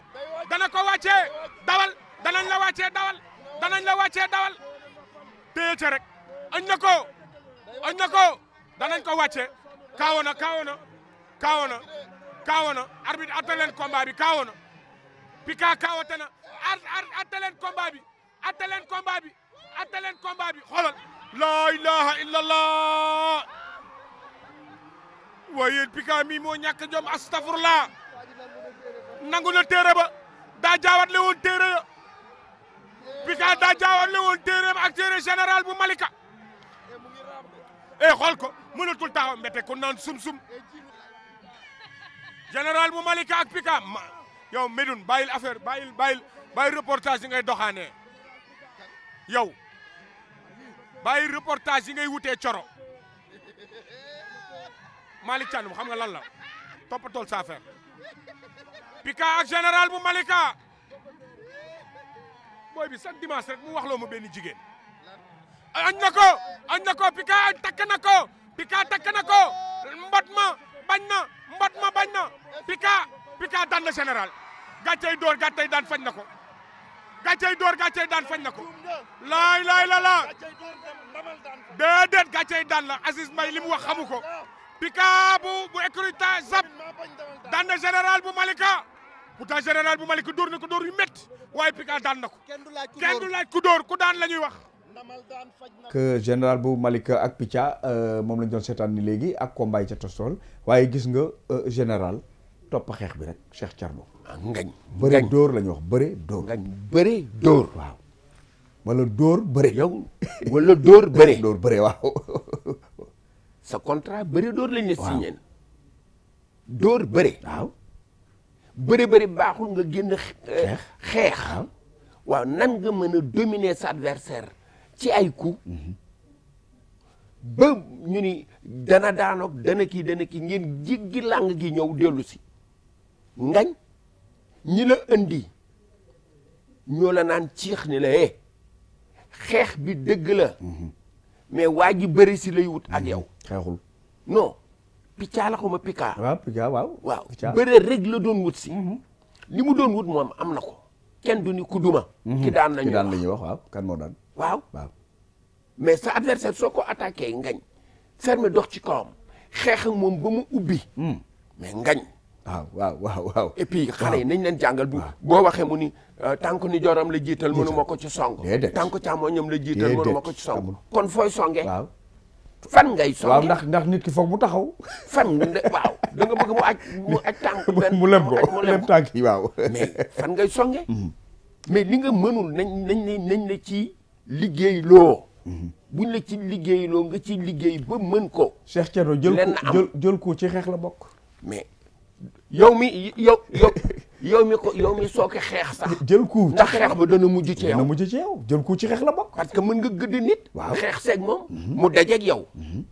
dana ko wàccee dawal danañ la wàccee dawal danañ la wàccee dawal téye ca rek añ na ko añ na ko danañ ko wàccee kaawo na kaawo bi kaawo na pika kaawate na atte leen combat bi atte leen combat bi atte leen combat bi illallah waaye yéen Pika mi moo ñàkk jom astafurlaa nangu na téere ba daa jaawatle woon téere ya Pika daa jaawatle woon téere ba ak téere général bu Malika eh xool ko mënatul taxaw mbete ko naan sum-sum général bu Malika ak Pika ma yow Medoune bàyyil affaire bàyyil bàyyil bàyyil reportage yi ngay doxaanee yow bàyyil reportage yi ngay wutee coro Malick Thiandoum xam nga lan la toppatool sa affaire Pika ak général bu Malika booy bi chaque dimanche rek mu waxloo ma benn jigéen añ na ko añ na ko Pika takk na ko Pika takk na ko mbot ma bañ na mbot ma bañ na Pika Pika daan na général gàccey door gàccey daan fañ na ko gàccey door gàccey daan fañ na ko laay laay la la déedéet gàccey li mu wax xamu ko Pika bu bu écruta zap daan na général bu Malika pourtant général bu Malika dóor na ko dóor yu métti waaye Pika daan na ko kenn du laaj ku dóor ku daan la ñuy wax que général bu Malika ak Picca euh, moom lañ doon seetaan ni léegi ak combat yi ca tostool waaye gis nga euh, général topp xeex bi rek Cheikh Thierno ah, ngañ bëre dóor la wax bëre dóor ngañ dóor waaw wala dóor bëre dóor bëre dóor sa contrat bëri dóor lañ la signé. dóor bëri. waaw baaxul nga génn xeex. waaw nan nga mën a dominer sa adversaire ci ay ku mhm. ba ñu ni dana daanoog dana kii dana kii ngeen jiggi làng gi ñëw dellusi si. ngañ ñi la indi ñoo la naan ciix ni la eh xeex bi dëgg la. Mhm. mais waa ji bëri si lay wut ak mhm. yow. xeexul non. piccaa la xaw ma ah, picca. waaw waaw. waaw rek la doon wut si. Mhm. li mu doon wut moom am na ko. kenn du ni ku duma. Mhm. ki daan la ñuy wax daan la ñuy wax waaw kan moo daan. waaw waaw. mais sa adversaire soo ko attaqué ngañ. ferme dox ci kawam xeex moom ba mu ubbi. Hmm. mais ngañ. waaw waaw waaw waaw et puis xale yi nañ leen jàngal bu boo waxee mu ni euh, tànk ni joram la jiital mënu ma ko ci song tànk càmmoñam la jiital mënu ma ko ci song kon fooy songee waaw fan ngay songee waaw ndax ndax nit ki foog mu taxaw fan waaw da nga bëgg mu aj mu aj tànk mu lem ko mu lem tànk yi waaw mais fan ngay songe mhm. mais li nga mënul nañ nañ la nañ la ci liggéey loo mhm. buñ la ci liggéey loo nga ci liggéey ba mën ko Cheikh Thierno jël ko jël ko ci xeex la bokk mais yow mi yow yow mi ko yow mi sooke xeex sax. jël ku ndax xeex ba dana mujj ci yow mujj ci yow ci xeex la bokk. parce que mën nga gëdd nit. waaw xeex seeg moom. Mhm. mu dajeeg yow. Mhm.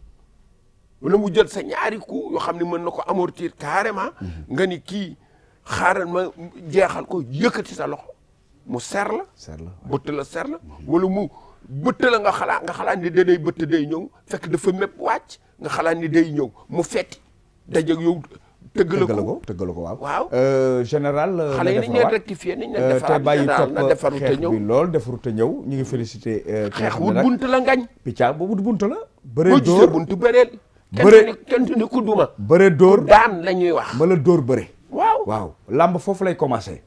wala mu jël sa ñaari coup yoo xam ni mën na ko amortir carrément. Mhm. nga ni kii xaaral ma jeexal ko yëkkati sa loxo mu ser la. ser la bëtt la ser la. wala mu bëtt la nga xalaat nga xalaat ni day bëtt day ñëw fekk dafa mépp wàcc nga xalaat ni day ñëw mu fet dajeeg yow. tëggal ko tëggal ko waaw. waaw euh, général. Euh, xale yi nañu leen rectifié nañu leen euh, defaraat te bàyyi ñëw ñu ngi félicité. xeex wu bunt la ngañ. picca boobu bunt la. bëree dóor buntu bëreel. bëre kenn ni ku duma. bëre dóor daan la ñuy wax. mala dóor bëre. waaw làmb foofu lay commencé.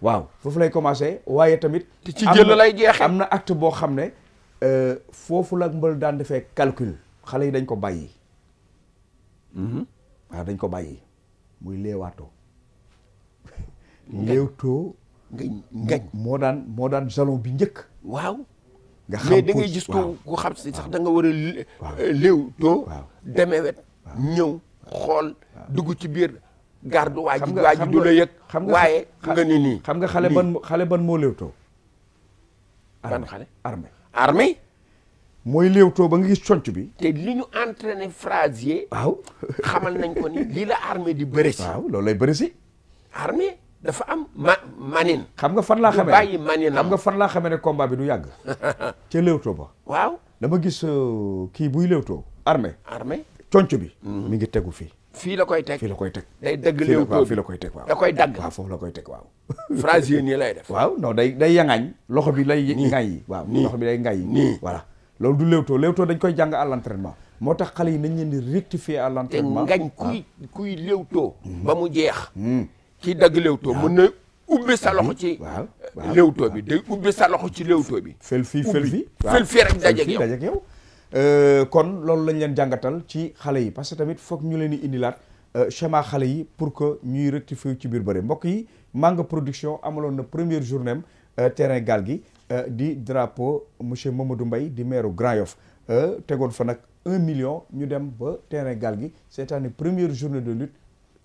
waaw foofu lay commencé waaye tamit. te ci jël lay jeexee am na acte boo xam ne. foofu la mbël daan defee calcul xale yi dañ ko bàyyi. Mhm. dañ ko bàyyi. muy léewaatoo léewtoo ngañ moo daan moo daan jalon bi njëkk waaw nga xam gis ko ku xam si sax danga nga war a euh, léewtoo demee wet ñëw xool dugg ci biir garde waa ji waa ji du la yëg xam nga waaye nga ni xam nga xale ban xale ban moo léewtoo ban xale armée mooy léewtoo ba nga gis conc bi. te li ñu entraîné Frazier. waaw xamal nañ ko ni lii la armée di bëri si. waaw loolu lay bëri si. armée dafa am ma manin. xam nga fan laa xamee bàyyi manin xam nga fan laa xamee ne combat bi du yàgg. ca léewtoo ba. waaw dama gis euh, kii buy léewtoo. armée armée conc bi. Hmm. mi ngi tegu fii. fii la koy teg fii la koy teg. day dëgg léewtoo fii la koy teg waaw. koy dagg waaw foofu la koy teg waaw. Frazier nii lay def. waaw non day day yaŋaañ. loxo bi lay. nii ngaay yi waaw loxo bi day ngaay yi. nii voilà. loolu du léewtoo léewtoo dañ koy jàng à l'entraînement moo tax xale yi nañ leen di rectifier à l'entraînement ngañ ah. kuy kuy léewtoo ba mu jeex hmm. ci dagg léewtoo ah. mën na ubbi sa loxo hmm. ci léewtoo bi ah. day ubbi sa loxo ci léewtoo bi fel fii fel fii fel fii rek dajeeg yow euh, kon loolu lañ leen jàngatal ci xale yi parce que tamit foog ñu leen di indilaat euh, schéma xale yi pour que ñuy rectifier ci biir bëri mbokk yi màng Production amaloon na première journée euh, terrain gaal gi Euh, di drapeau monsieur Mamadou mbay di maire Grand Yoff euh, tegoon fa nag un million ñu dem ba terrain gaal gi c'est une première journée de lutte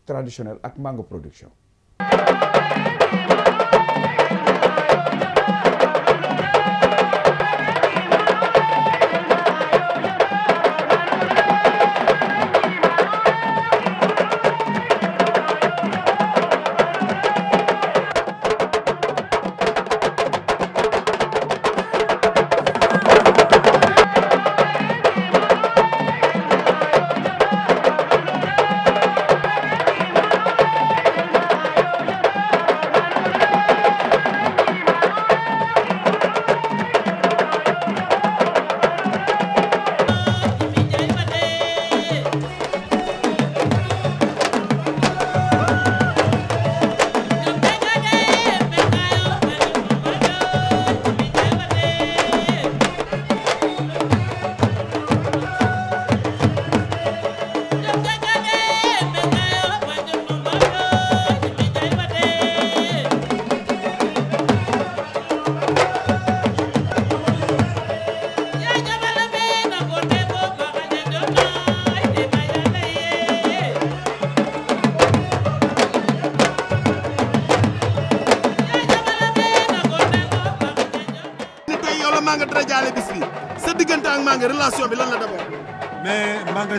traditionnelle ak Mango Production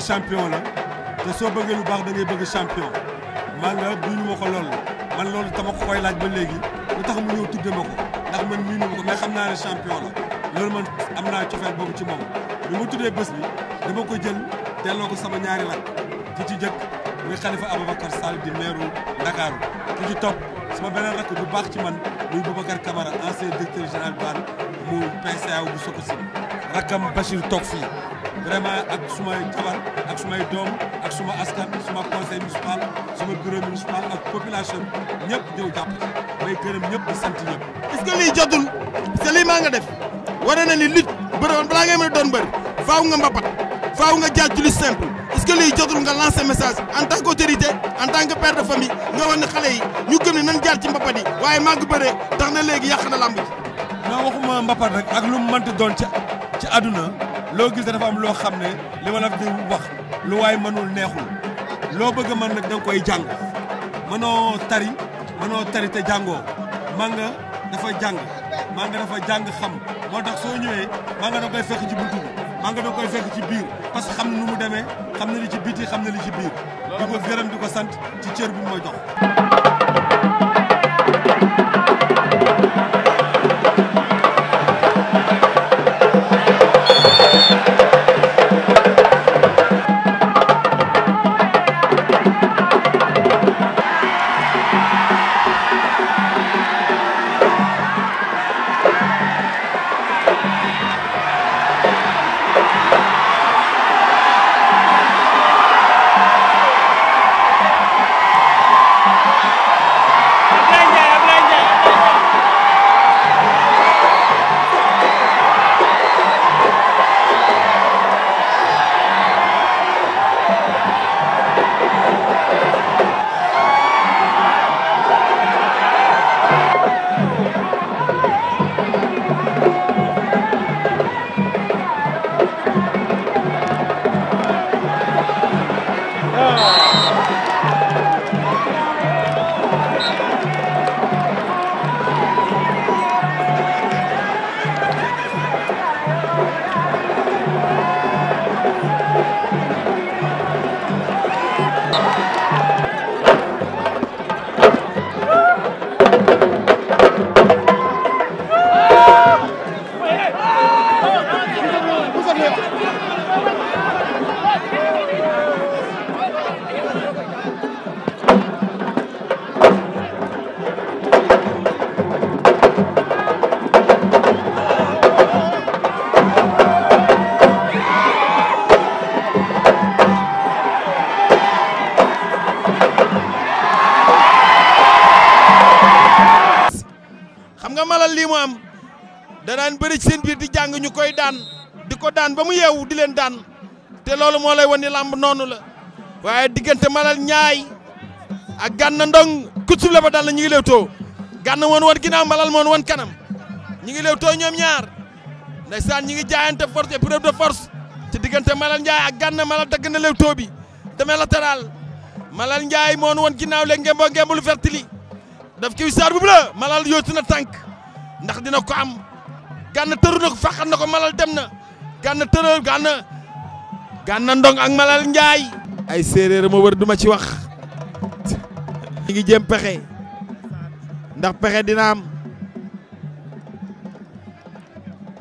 champion la te soo bëggee lu baax da bëgg champion man la duñu ma ko lool man loolu dama ko koy laaj ba léegi lu tax mu ñëw tudde ma ko ndax man miinu ma ko mais xam naa ne champion la loolu man am naa cofeel boobu ci moom bi ma tuddee bës bi dama ko jël delloo ko sama ñaari rak ki ci jëkk muy Khalifa Ababacar Sall di meeru Ndakaaru ki ci topp sama beneen rak bu baax ci man muy Boubacar Camara ancien directeur général ban mu PCA bu Sococim rakkam Bachir toog fii vraiment ak su sumay jabar ak sumay doom ak suma askan suma conseil municipal suma bureau municipal ak population ñëpp ñëw jàpp may gërëm ñëpp di sant ñëpp. jotul parce maa nga def wane na ni lutte bëriwoon balaa ngay mën a doon bëri faaw nga mbapat faaw nga jaar ci lu simple est-ce que lii jotul nga lancer message en tant qu'autorité en tant que père de famille nga wane xale yi ñu gëm ne nan jaar ci mbapat yi waaye maa ngi bëree tax na léegi yàq na làmb ji. non waxuma mbapat rek ak lu mu doon ci àdduna. loo gis dafa am loo xam ne li ma la di wax lu waay mënul neexul loo bëgg a mën nag da nga koy jàng mënoo tari mënoo tari te jàngoo nga dafa jàng manga dafa jàng xam moo tax soo ñëwee manga da koy fekk ci buntu bi manga da koy fekk ci biir parce que xam na nu mu demee xam na li ci biti xam na li ci biir di ko gërëm di ko sant ci cër bi mooy dox leen daan te loolu moo lay wan ni làmb noonu la waaye diggante Malal ñaay ak Gana Ndong ku suble ba daan la ñu ngi lewtoo Gana woon woon ginnaaw Malal moon woon kanam ñu ngi too ñoom ñaar ndeysaan ñu ngi jaayante force épreuve de force ci diggante Malal Ndiaye ak Gana Malal dagg na lewtoo bi demee latéral Malal Ndiaye moon woon ginnaaw léegi ngemboo ngembulu fertili daf ki wisaar bu la Malal yóotu na tànk ndax dina ko am Gana tëru na ko na ko Malal dem na gànna tërël gànna gànna ndong ak malal njaay ay séeréer ma wër duma ci wax ñi ngi jëm pexe ndax pexe dina am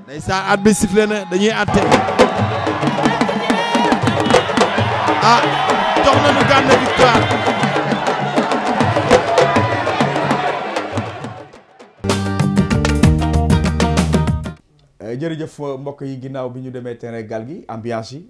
ndeysaan at bi sifflé na dañuy atte ah jox nañu gànna victoire jërëjëf euh, mbokk yi ginnaaw bi ñu demee terrain gal gi ambiance yi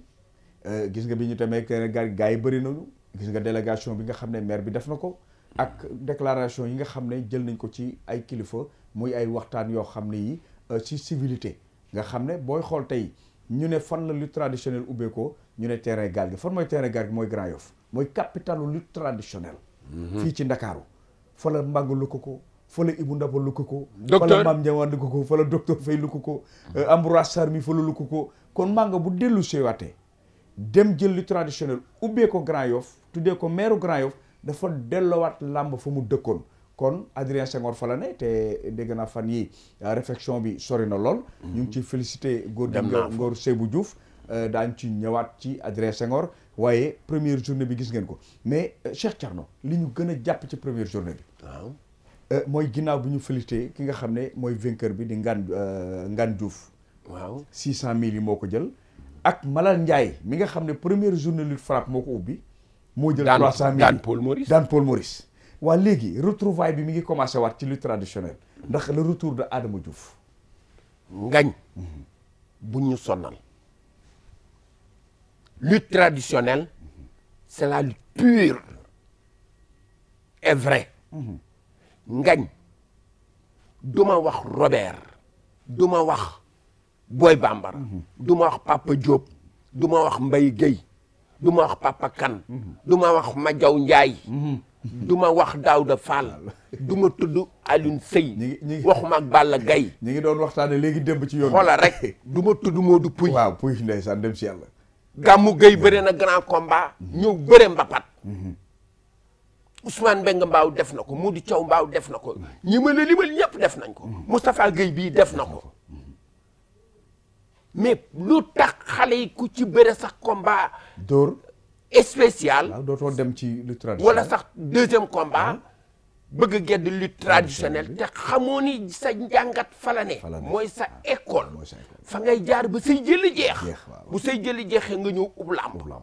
euh, gis nga bi ñu demee terrain gal gi gars yi bëri nañu gis nga délégation bi nga xam ne maire bi def na ko ak déclaration yi nga xam ne jël nañ ko ci ay kilifa muy ay waxtaan yoo xam ne yi euh, ci civilité nga xam ne booy xool tey ñu ne fan la lutte traditionel ubbee ñu ne terrain gal gi fan mooy terrain gal gi mooy Grand Yoff mooy capitalu lutte traditionnelle. Mhm. fii ci Ndakaaru fa la màggalu ko ko. fala Ibou Ndapa lukk ko fala Mame Ndiaye lukk ko fala docteur fay lukk ko hmm. euh, Ambroise Sarr mi fala lukk ko kon maa bu dellu seewaatee dem jël li traditionnel ubbee ko Grand Yoff tuddee ko meeru Grand Yoff dafa delloowaat làmb fa mu dëkkoon kon Adrien Senghor fa la ne te dégg naa fan yi euh, réflexion bi sori na lool hmm. ñu ngi ci félicité góor gi Ngor Seybou Diouf euh, daañ ci ñëwaat ci Adrien Senghor waaye première journée bi gis ngeen ko mais Cheikh Thierno li ñu gën a jàpp ci première jou Euh, mooy ginaaw bu ñu félicité ki nga xam ne mooy vainqueur bi di Ngane euh, Ngane Diouf. waaw 600000 yi moo ko jël. ak Malal Ndiaye mi nga xam ne première journée lutte frappe moo ko ubbi. moo jël 300000 daan Paul Maurice daan Paul Maurice. waa léegi retrouvaille bi mi ngi commencé waat ci lutte traditionnelle. ndax le retour de Adama Diouf. ngañ. buñ ñu sonnal. lutte traditionnelle. c'est la lutte pure et vraie. Mm-hmm. ngañ duma wax Robert duma wax Boy Bambara duma wax Papa Diop duma wax mbay Guèye duma wax Papa Kane duma wax Madiaw Ndiaye duma wax Daouda Fall duma tudd Alioune Seye waxuma ak Balla gay ñi ngi doon waxtaane léegi démb ci yoon xoola rek duma tudd Modou du waaw Pouy ndeysaan dem si yàlla gàmmu Guèye bëre na grand combat ñëw bëre mbapat mhm. Ousmane Mbengue Mbaaw def na ko Mody Thiaw Mbaaw def na ko ñi ma la limal ñëpp def nañ ko mu Moustapha Guèye bii def na ko mais lu tax xale yi ko ci bëre sax combat dóor spécial dootoo dem ci lutte traditionnelle wala sax deuxième combat ah. bëgg a gedd lutte traditionnelle te xamoo ni sa njàngat fala ne ah. mooy sa école fa ngay jaar ba say jëli jeex bu say jël jeexee nga ñëw ub làmb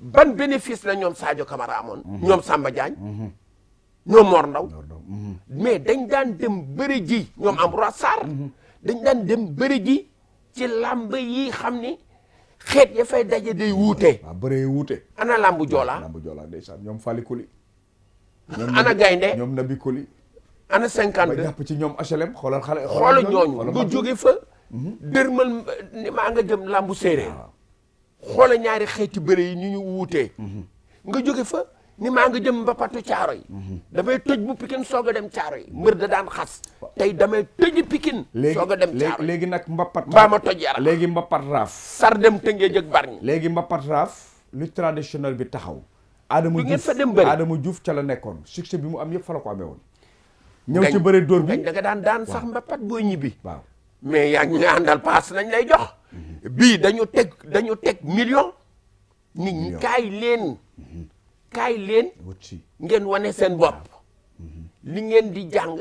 ban bénéfice la ñoom Sadio Camara amoon. ñoom sàmba Diagne. ñoom Mor Ndaw mhm. mais dañ daan dem bëri ji ñoom Ambroise Sarr. Mhm. dañ daan dem bëri ji ci làmb yi xam ni xeet ya fay daje day wuute. waaw ah, bëree wuute. ana làmbu Joola. làmbu Joola ndeysaan ñoom Fally Coly. ana Gaynde ñoom Nabi Coly. ana 52 ba jàpp ci ñoom HLM xoolal xale. xoolal ñooñu nga jóge fa. Mhm. dërmal ni maa nga jëm làmbu séeréer. Ah. xoola ñaari xeeti bëre yi ñu ñu wuutee mhm. nga jóge fa ni maa nga jëm mbapatu caaro yi mhm. damay tëj bu pikin soog a dem caaro yi mbër da daan xas tey damay tëj pikin soog a dem caaro yi léegi nag mbapat mbaa ma toj yara léegi mbapat raaf sar dem tëngee jëg barñi léegi mbapat raaf lu traditionnel bi taxaw Adama Diouf fa dem bëri Adama Diouf ca la nekkoon succès bi mu am yëpp fa la ko amee woon ñëw ci bëri dóor bi da nga daan daan sax mbapat boo ñibbi waaw mais yaa ngi àndal paas nañ lay jox bii dañu teg dañu teg million nit ñi kaay leen kaay leen ngeen wane seen bopp li ngeen di jàng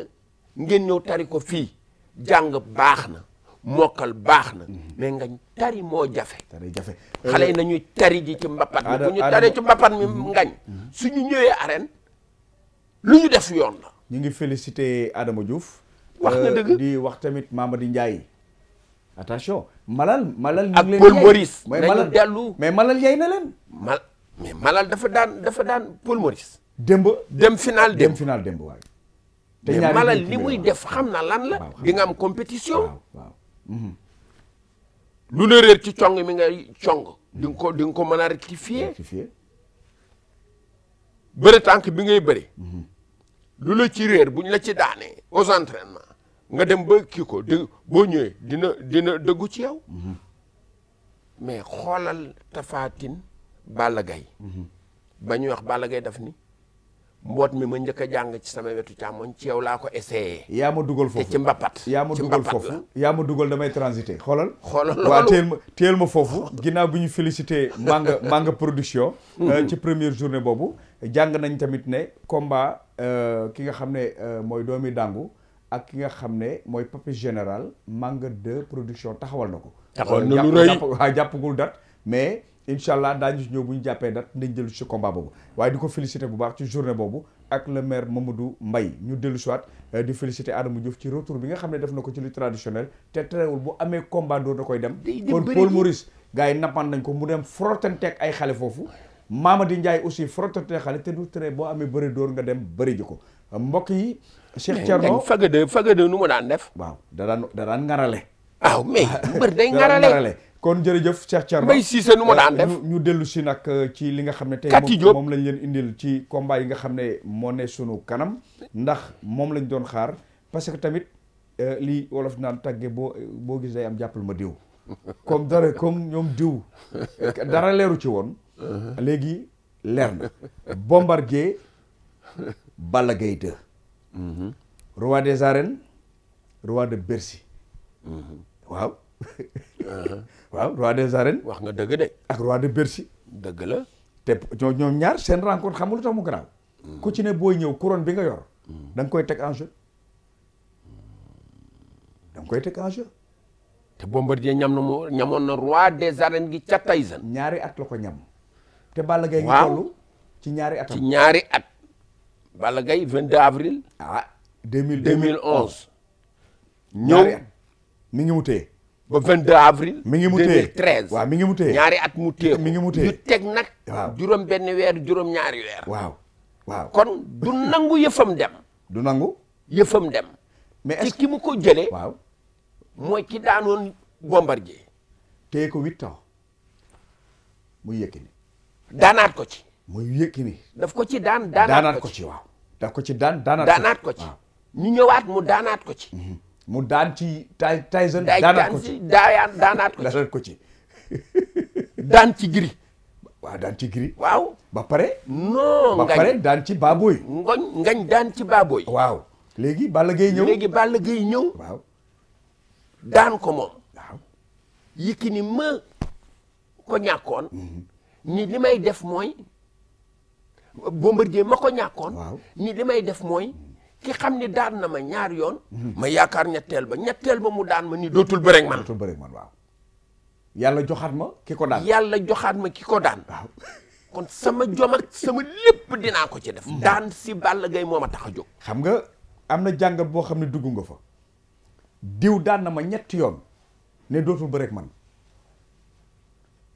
ngeen ñëw tari ko fii jàng baax na mokkal baax na mais nga tari moo jafe jafe xale yi nañuy tari ji ci mbappat mi bu ñu taree ci mbappat mi mhm. ngañ suñu ñëwee arène lu ñu def yoon la ñu ngi félicité Adama juuf wax na euh, dëgg di wax tamit di njaay attention Malal Malal. ak Paul Maurice mooy Malal dellu mais Malal yey na leen. mal Malal dafa daan dafa daan Paul Maurice. démb dem final démb dem final démb waaye. te ñaari Malal li muy def xam na lan la. di nga am compétition. Mhm. lu la réer ci cong mi ngay cong. di ko di nga ko mën a rectifier. rectifier. bëri bi ngay bëri. Mhm. lu la ci réer buñ la ci daanee aux nga dem ba kii ko dé boo ñëwee dina dina dëggu ci yow mhm. mais xoolal tafaatin Balla Gaye mhm. ba ñuy wax Balla Gaye daf ni mboot mi ma njëkk a jàng ci sama wetu càmmoñ ci yow laa ko essayé yaa ma dugal foofu ci mbapat yaa ma dugal foofu yaa ma dugal damay transité xoolal xoolal loolu waaw ma téyel ma foofu ginnaaw bi ñu félicité Manga màng production mhm. euh, ci première journée boobu jàng nañ tamit ne combat euh, ki nga xam ne euh, mooy doomi dàngu ak ki nga xam ne mooy papi général Manga de production taxawal na ko. taxawal euh, na lu rëy waaw ah, jàppagul date mais incha allah daañu ñëw bu ñu jàppee date nañ jël si combat boobu waaye di ko féliciter bu baax ci journée boobu ak le ma Mamadou mbay ñu dellu soit euh, di féliciter Adama Diouf ci retour bi nga xam ne def na ko ci lu traditionnel te terewul bu amee combat doo da koy dem. kon Paul Maurice gars yi nappaan nañ ko mu dem frottanteeg ay xale foofu. Mamadi Ndiaye aussi frottanteeg xale te du boo amee bëri dóor nga dem bëri ji ko mbokk yi. Cheikh Thierno fagade fagade nu mu daan def. waaw da daan da daan ngarale. waaw mais mbër day ngarale kon jërëjëf Cheikh Thierno Mbaye Cissé nu mu daan def ñu dellu si nag euh, ci li nga xam ne tey moom lañ leen indil ci combat yi nga xam ne moo ne sunu kanam ndax moom lañ doon xaar parce que tamit euh, lii wolof naan tagge boo boo gis day am jàppal ma diw comme dara comme ñoom diw dara leeru ci woon uh-huh. léegi leer na Bombardier Balla Gaye 2 roi des arènes roi de Bercy. waaw. Uh-huh. waaw roi des arènes. wax nga dëgg de. ak roi de Bercy. dëgg la. te ñoom ñaar seen rencontre xamul nga lu tax mu garaaw. Mm. ku ci ne booy ñëw couronne bi nga yor. Mm. da koy teg en jeu. koy teg en jeu. te Bombardier ñam na mu ñamoon na roi des arènes gi ca Tyson. ñaari at la ko ñam. te Balla Gaye ngi tollu ci ñaari atam ci ñaari at. Balla Gaye 22 avril. ah deux 2000 2011. ñëw mi ngi mu téye. ba 22 avril. mi ngi mu téye 2013. waaw mi ngi mu téye ñaari at mu téye mi ngi mu téye ñu teg nag. waaw juróom benn weer juróom ñaari weer. waaw waaw kon du nangu yëfam dem. du nangu. yëfam dem. mais est ki mu ko jëlee. waaw mooy ki daanoon bombardier. téye ko huit ans muy Yékini. daanaat ko ci. muy Yékini daf ko ci daan daanaat ko ci waaw daf ko ci daan daanaat ko ci ñu ñëwaat mu daanaat ko ci mhm. mu daan ci Tyson daanaat ko ci daanaat ko ci ko ci daan ci giri waaw ci giri waaw ba pare non ba daan ci baaboy ngoñ daan ci baaboy waaw léegi Balla Gaye ñëw léegi Balla Gaye ñëw daan ko moom waaw Yékini ko ñàkkoon mhm. ni li may def mooy boo Bombardier ma ko ñàkkoon. ni li may def mooy. ki xam ni daan na ma ñaar yoon. ma yaakaar ñetteel ba ñetteel ba mu daan ma ni dootul bëreeg man. dootul bëreeg man joxaat ma ki ko yàlla joxaat ma ki ko daan. kon sama jom ak dinaa ko ci def. Mm. daan si Balla moo ma tax a jóg. xam nga am na jàngat boo xam ne dugg fa. diw daan na ma ñetti yoon. ne dootul bëreeg man.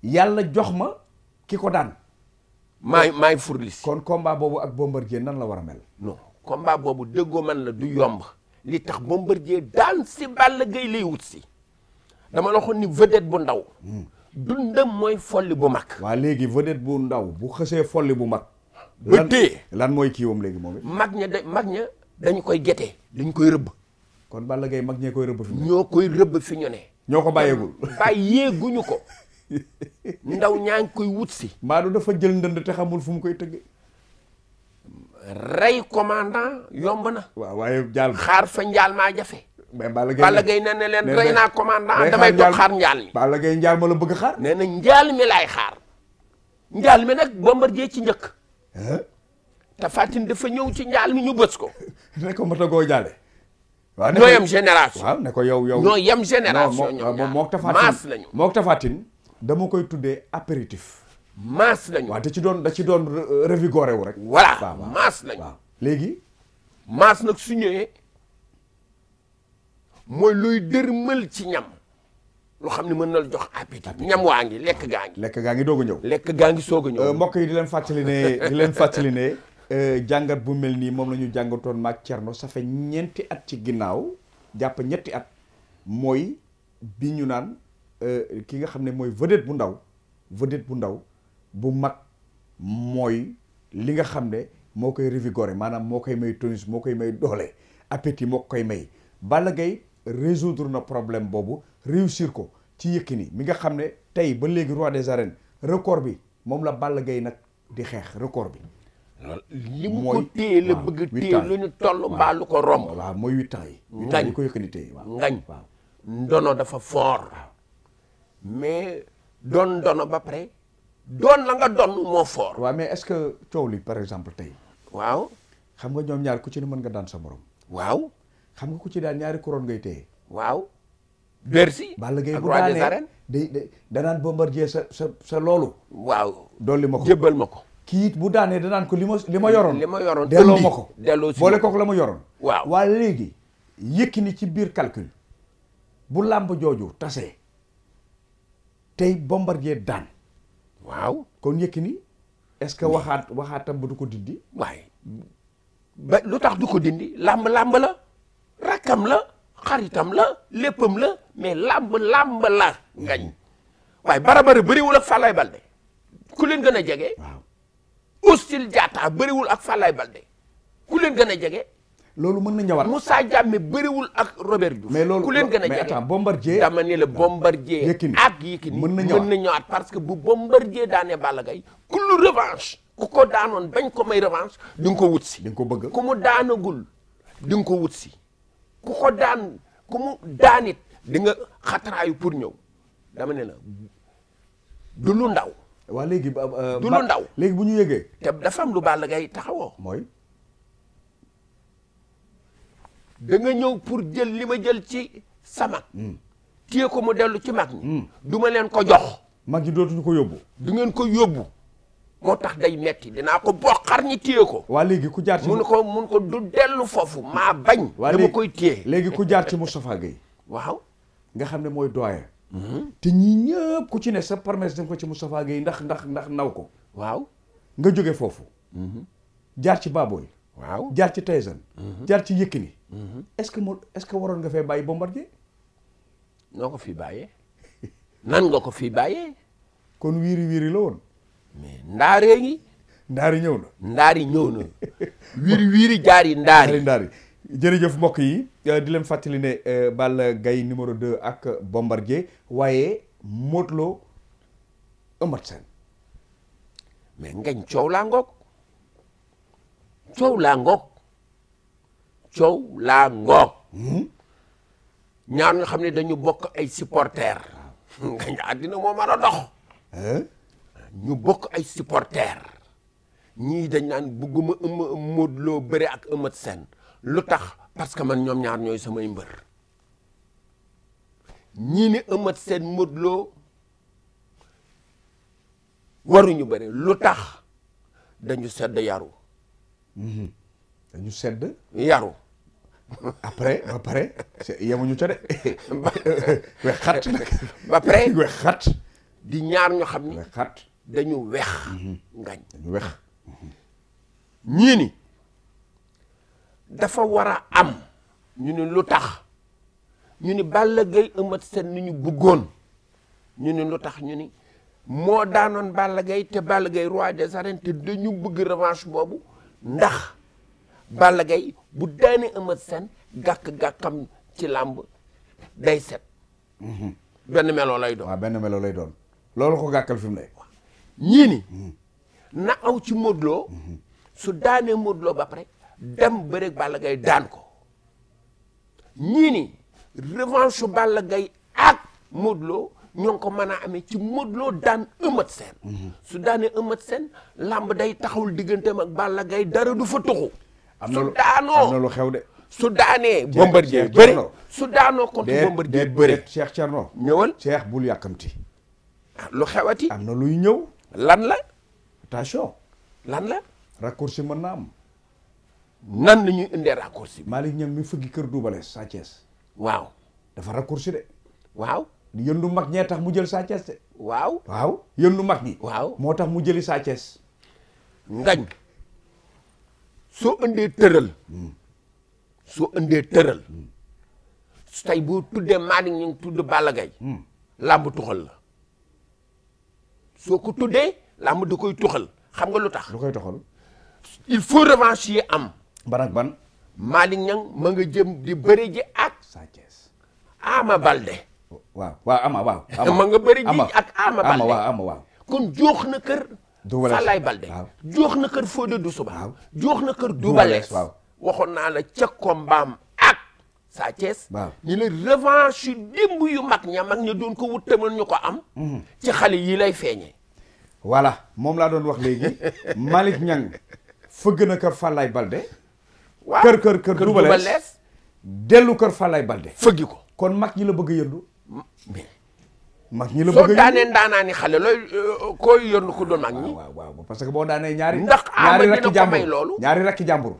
yàlla jox ma ki ko daan. maay maay furlis kon komba boobu ak Bombardier nan la war a mel. non komba boobu dëggoo man la du yomb li tax Bombardier daan si Balla gay lay wut si dama la waxoon ni vedette bu ndaw. Hmm. dundam mooy folli bu mag. waa léegi vedette bu ndaw bu xësee folli bu mag. ba lan mooy kiiwam léegi moom it. mag ña da mag ña dañu koy gete dañu koy rëbb. kon Balla gay mag ñee koy rëbb fi ñoo koy rëbb fi ñu ne. ñoo ko bàyyeegul bàyyeeguñu ko. ndaw ñaa ngi koy wut si Madou dafa jël ndënd te xamul fu mu koy tëgge rey commandant yomb na waaw waaye jaal xaar fa njaal maa jafe mais Balla Gaye nee na leen rey naa commandant damay toog xaar njaal mi Balla Gaye njaal ma la bëgg xaar nee na njaal mi laay xaar njaal mi nag Bombardier ci njëkk te Fatine dafa ñëw ci njaal mi ñu bës ko ne ko ma tagoo jaale waaw ñoo yem génération waaw ne ko yow yow ñoo yem génération ñoom maas lañu mook tafatin dama koy tuddee apéritif. maas lañu waaw te ci doon da ci doon euh, revigoré wu rek. voilà maas lañu waaw léegi. maas nag su ñëwee mooy luy dërmal ci ñam loo xam ne mën na la jox appétit ñam waa ngi lekk gaa ngi. lekk gaa ngi doog a ñëw. lekk gaa ngi soog a ñëw. Euh, mbokk yi di leen fàttali ne di leen fàttali ne. Euh, jàngat bu mel nii moom la ñu jàngatoon maag Thierno ça fait ñeenti at ci ginnaaw jàpp ñetti at mooy bi ñu naan. Euh, ki nga xam ne mooy vedette bu ndaw vedette bu ndaw bu mag mooy li nga xam ne moo koy revigoré maanaam moo koy may tonus moo koy may doole appétit moo koy may Balla Gaye résoudre na problème boobu réussir ko ci ni mi nga xam ne tey ba léegi roi des arènes record bi moom la Balla gay nag di xeex record bi li mu ko téye la bëgg téye lu ñu toll mbaa lu ko romb waaw mooy huit yi huit ans yi ko Yékini téye waaw ngañ ndono dafa fort mais doon dono ba pare doon la nga doon moo fort. waaw mais est-ce que coow li par exemple tey. waaw. xam nga ñoom ñaar ku ci ne mën nga daan sa morom. waaw. xam nga ku ci daan ñaari couronne ngay téye. waaw. Bercy Balla Gaye bu daanee day day danaan bombardier sa sa sa loolu. waaw doon li ko jébbal ma ko. kii it bu daanee danaan ko li ma li ma yoroon. li ma yoroon delloo ma ko delloo si boole kooku la ma yoroon. waaw waa léegi yëkki ni ci biir calcul bu làmb jooju tase tey Bombardier daan. waaw kon ni est-ce que waxaat waxaatam ba du ko dindi. waaye ba lu tax du ko dindi làmb làmb la rakkam la xaritam la léppam la mais làmb làmb la ngañ waaye Barabara bëriwul ak Falaye Balde ku leen gën a jege. waaw Austin Diatta ak Falaye Balde ku leen gën a jege. loolu mën na ñëwaat Moussa Diame bëriwul ak Robert Diouf. mais loolu ku leen gën a jege mais attends Bombardier. dama ne la Bombardier. Yékini ak Yékini mën na ñëwaat mën na parce que bu Bombardier daanee Balla Gaye ku lu revanche ku ko daanoon bañ ko may revanche di nga ko wut si. di nga ko bëgg ku mu daanagul di ko wut si ku ko daan ku mu daanit dinga nga xatraayu pour ñëw dama ne la du lu ndaw. waa léegi euh, du lu ndaw léegi bu ñu yëgee. te dafa am lu Balla Gaye taxawoo mooy. da nga ñëw pour jël li ma jël ci sama hmm. téye ko mu dellu ci mag ñi hmm. du ma leen ko jox mag ñi dootuñu ko yóbbu du ngeen ko yóbbu moo tax day metti dinaa ko xar ñi téye ko waa léegi ku jaar ci mun ko mun ko du dellu foofu maa bañ dama koy téye léegi ku jaar ci Moustapha Gueye waaw nga xam ne mooy doyen hmm. te ñii ñëpp ku ci ne sa promesse danga ko ci Moustapha Gueye ndax ndax ndax naw ko waaw nga jóge foofu jaar ci Baboy waaw jaar ci Tyson jaar ci Yékini Mm-hmm. est-ce que est-ce waroon nga fee bàyyi Bombardier. noo ko fi bàyyee. nan nga ko fi bàyyee. kon wiiri wiiri la woon. mais ndaaree ngi. ndaari ñëw na. ndaari ñëw na. wiiri wiiri jaari ndaari. ndaari jërëjëf mbokk yi euh, di leen fàttali ne euh, Balla gay numéro 2 ak Bombardier waaye mootloo Lo ëmbat seen. mais ngañ coow laa ngoog coow laa ngoog. coow laa ngo ñaar nga xam ne dañu bokk ay supporter nga àddina moo mën a dox ñu bokk ay supporter ñii dañ naan bugguma ëmm Modou Lo ak ëmmat Sène lu tax parce que man ñoom ñaar ñooy samay mbër ñii ni Eumeu Sène Modou waruñu bëre lu tax dañu sedd yaru mhm. dañu sedd yaru après ba pare yemuñu ca de wex xat nag wex xat di ñaar ñu xam ni xat dañu wex mhm. ngañ dañu wex mhm. ñii ni dafa war am ñu ni lu tax ñu ni Balla Gaye Eumeu seen ni ñu bëggoon ñu ni lu tax ñu ni moo daanoon Balla Gaye te Balla Gaye roi des arènes te dañu bugg revanche boobu ndax Balla Gaye bu daane Eumeu Sène gàkk-gàkkam ci làmb day set mhm. benn meloo lay doon waaw benn meloo lay doon loolu ko gàkkal fi mu ne ñii ni mhm. na aw ci Modou mhm. su daanee Modou Lo ba pare dem bëreeg Balla Gaye daan ko ñii ni revanche su Balla Gaye ak Modou Lo ñoo ngi ko mën a amee ci Modou daan Eumeu seen su daanee Eumeu seen làmb day taxawul digganteem ak Balla Gaye dara du fa tuxu su daanoo am na lu xew de. su daanee Bombardier bëri su daanoo contre Bombardier bëri déet Cheikh Thierno ñëwal Cheikh bul yàkkamti. Ah, lu xewati am na luy ñëw. lan la. attention. lan la. raccourci mën na am. nan la ñuy indee raccourci. Malick Niang mi fëggi kër Double Less Sa Thiès. waaw dafa raccourci de. waaw. yëndu mag ñee tax mu jël Sa Thiès de. waaw waaw yëndu mag ñi. waaw moo tax mu jëli Sa Thiès. ngañ. soo indee tëral soo indee tëral tey boo tuddee Malick ñu ngi tudd Balla Gaye làmb la soo ko tuddee làmb da koy tuxal xam nga lu tax da koy tuxal il faut revanche yi am ban ak ban ma nga jëm di bëri ji ak Sa Thiès Ama Balde waaw waaw ma ak Ama Balde waaw Ama na kër Sallaay Balde joox na kër Fodé Doussouba joox na kër Doubalees waxoon naa la ca mbaam ak Sa Thiès ñi la revanche yu démb yu mag ña mag ña doon ko wut tamal ñu ko am mhm. ci xale yi lay feeñee voilà moom laa doon wax léegi Malick Niang fëgg na kër Fallaay Balde waaw kër kër kër Doubalees dellu kër Fallaay Balde fëggi ko kon mag ñi la bëgg a mag ñi la bëgg soo daanee ndaanaa ni xale looy euh, koy yónn ku doon mag ñi. Ah, parce que boo daanee ñaari. ndax ñaari rakki jàmbur ñaari rakki jàmbur.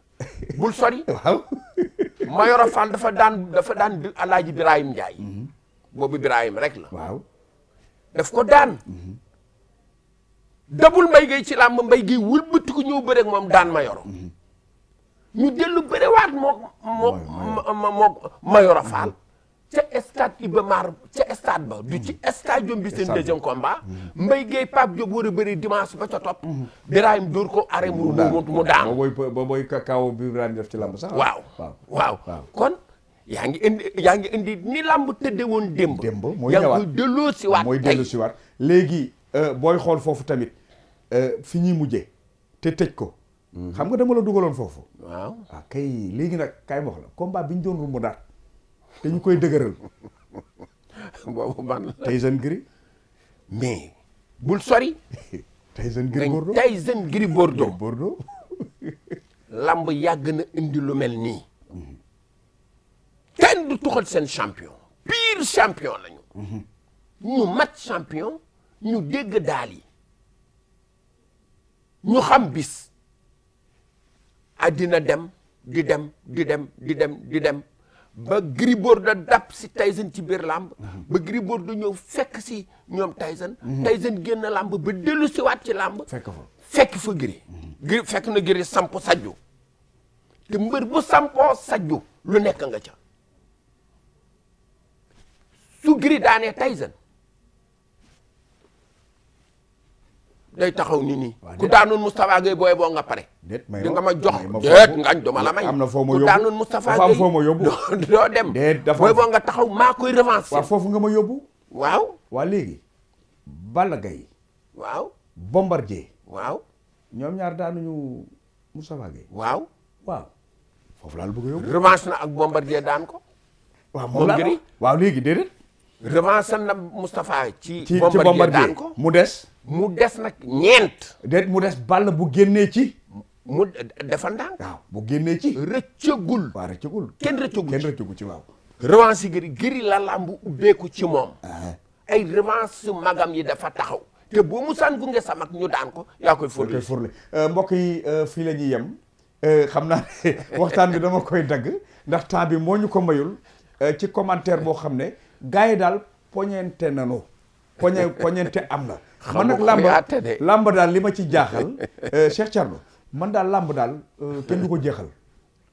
bul sori. waaw. Mayoro Fall dafa daan dafa daan Alaaji Birahim Ndiaye. Mhm. boobu Birahim rek la. waaw daf ko daan. Mhm. dabul mbay gay ci làmb mbay gay wëlbati ko ñëw bëreeg moom daan Mayoro. Mhm. ñu dellu bërewaat moo moo moo Mayoro Fall. ca stade Iba Mar ca stade ba du ci stadium bi seen deuxième combat Mbaye Guèye Pape Diop war a bëri dimanche ba ca topp Birahim dóor ko arrêt mu mu daan ba mooy kaw bi Birahim def ci lamb sax waaw waaw kon yaa ngi indi yaa ngi indi ni lamb tëdde woon démb démb mooy yaa ngi koy si waat mooy delloo si waat léegi euh, booy xool foofu tamit euh, fi ñuy mujjee te tëj ko mm-hmm. xam nga dama la dugaloon foofu waaw ah, kay léegi nag kay wax la combat bi ñu doon rumbu daat te ñu koy dëgëral. boobu ban la Tyson Gris. mais bul sori. Tyson Gris Bordeaux Tyson Gris Bordeaux. Bordeaux. lamb yàgg na indi lu mel nii. kenn du tuxal seen champion. pire champion lañu. ñu mat champion. ñu dégg daal yi. ñu xam bis. àddina dem di dem di dem di dem di dem. ba boor Bordeaux dàpp si Tyson ci biir làmb mhm. ba boor Bordeaux ñëw fekk si ñoom Tyson mhm. Tyson génn làmb ba dellu si waat ci làmb fekk fa fekk fa Gris mhm. fekk na Gris samp sajju te mbër bu sampoo sajju lu nekk nga ca su Gris daanee Tyson day taxaw ni nii ku daanoon Moustapha Gueye booy boo nga pare di nga ma jox déet ngañ duma may na foo ma yóbbu ku daanoon Moustapha Gueye doo dem booy boo nga taxaw maa koy revanche waaw foofu nga ma yóbbu waaw waa léegi Balla Gaye waaw ñaar daanuñu Moustapha Gueye waaw waaw foofu laa na ak Bombardier daan ko waaw waaw léegi déedéet revanche na ci Bombardier daan ko mu des mu des nag ñeent. déet mu des ball bu génnee ci. mu dafa ndànk. waaw bu génnee ci. rëccagul. waaw rëccagul kenn rëccagul kenn rëccagul ci waaw. revanche yi gëri gëri la bu ubbeeku ci moom. Ah. ay revanche su magam yi dafa taxaw. te boo mu saan gunge sa mag ñu daan ko yaa koy furle. yaa koy euh, mbokk yi euh, fii la ñuy yem. Euh, xam naa waxtaan bi dama koy dagg ndax temps bi moo ñu ko mayul ci commentaire boo xam ne gars yi daal poñente nanu poñe poñente am na man nag làmb làmb daal li ma ci jaaxal euh, Cheikh Thierno man daal làmb daal euh, kenn du ko jeexal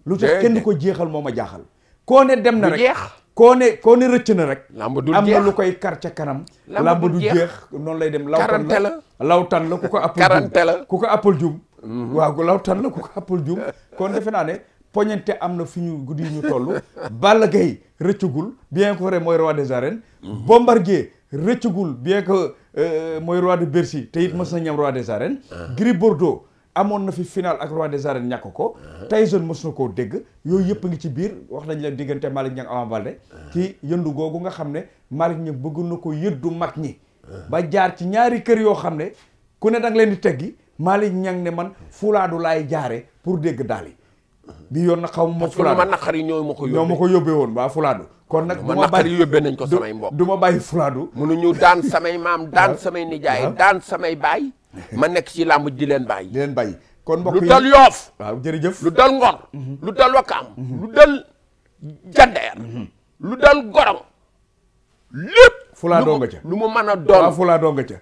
lu tax kenn du ko jeexal moo ma jaaxal koo ne dem na rek koo ne koo ne rëcc na rek làmb du am na lu koy kar ca kanam làmb du jeex noonu lay dem lawtan la lawtan la ku ko appal karante la ku ko appal jum mhm. waaw lawtan la ku ko appal jum kon defe naa ne poñente am na fi ñu guddi ñu toll Balla Gaye rëccugul bien que vrai mooy roi des arènes mhm. Bombardier rëccugul bien que euh, mooy roi de Bercy te it mës na ñam roi des arènes. Gris Bordeaux amoon na fi final ak roi des arènes ñàkk ko. Tyson mës na koo dégg yooyu yëpp ngi ci biir wax nañ leen diggante Malick Niang Ama ci yëndu googu nga xam ne Malick Niang bëgg na ko yëddu mag ñi. ba jaar ci ñaari kër yoo xam ne ku ne da leen di teggi Malick Niang ne man fulaadu laay jaare pour dégg daal yi. bi yoon na xaw ma fulaadu parce que man naqar yi ñoo ma ko yóbbee woon waa fulaadu. kon nag man naqar yi yóbbee nañ ko samay mbokk du ma bàyyi fulaadu mënuñu daan samay maam daan samay nijaay daan samay baay ma nekk ci làmb di leen bàyyi di leen bàyyi kon mbokk yi lu dal yoof lu dal ngor mhm. lu dal wakaam mhm. lu dal mhm. dal gorong lépp fulaadoo lu mu mën a doon fulaadoo nga ca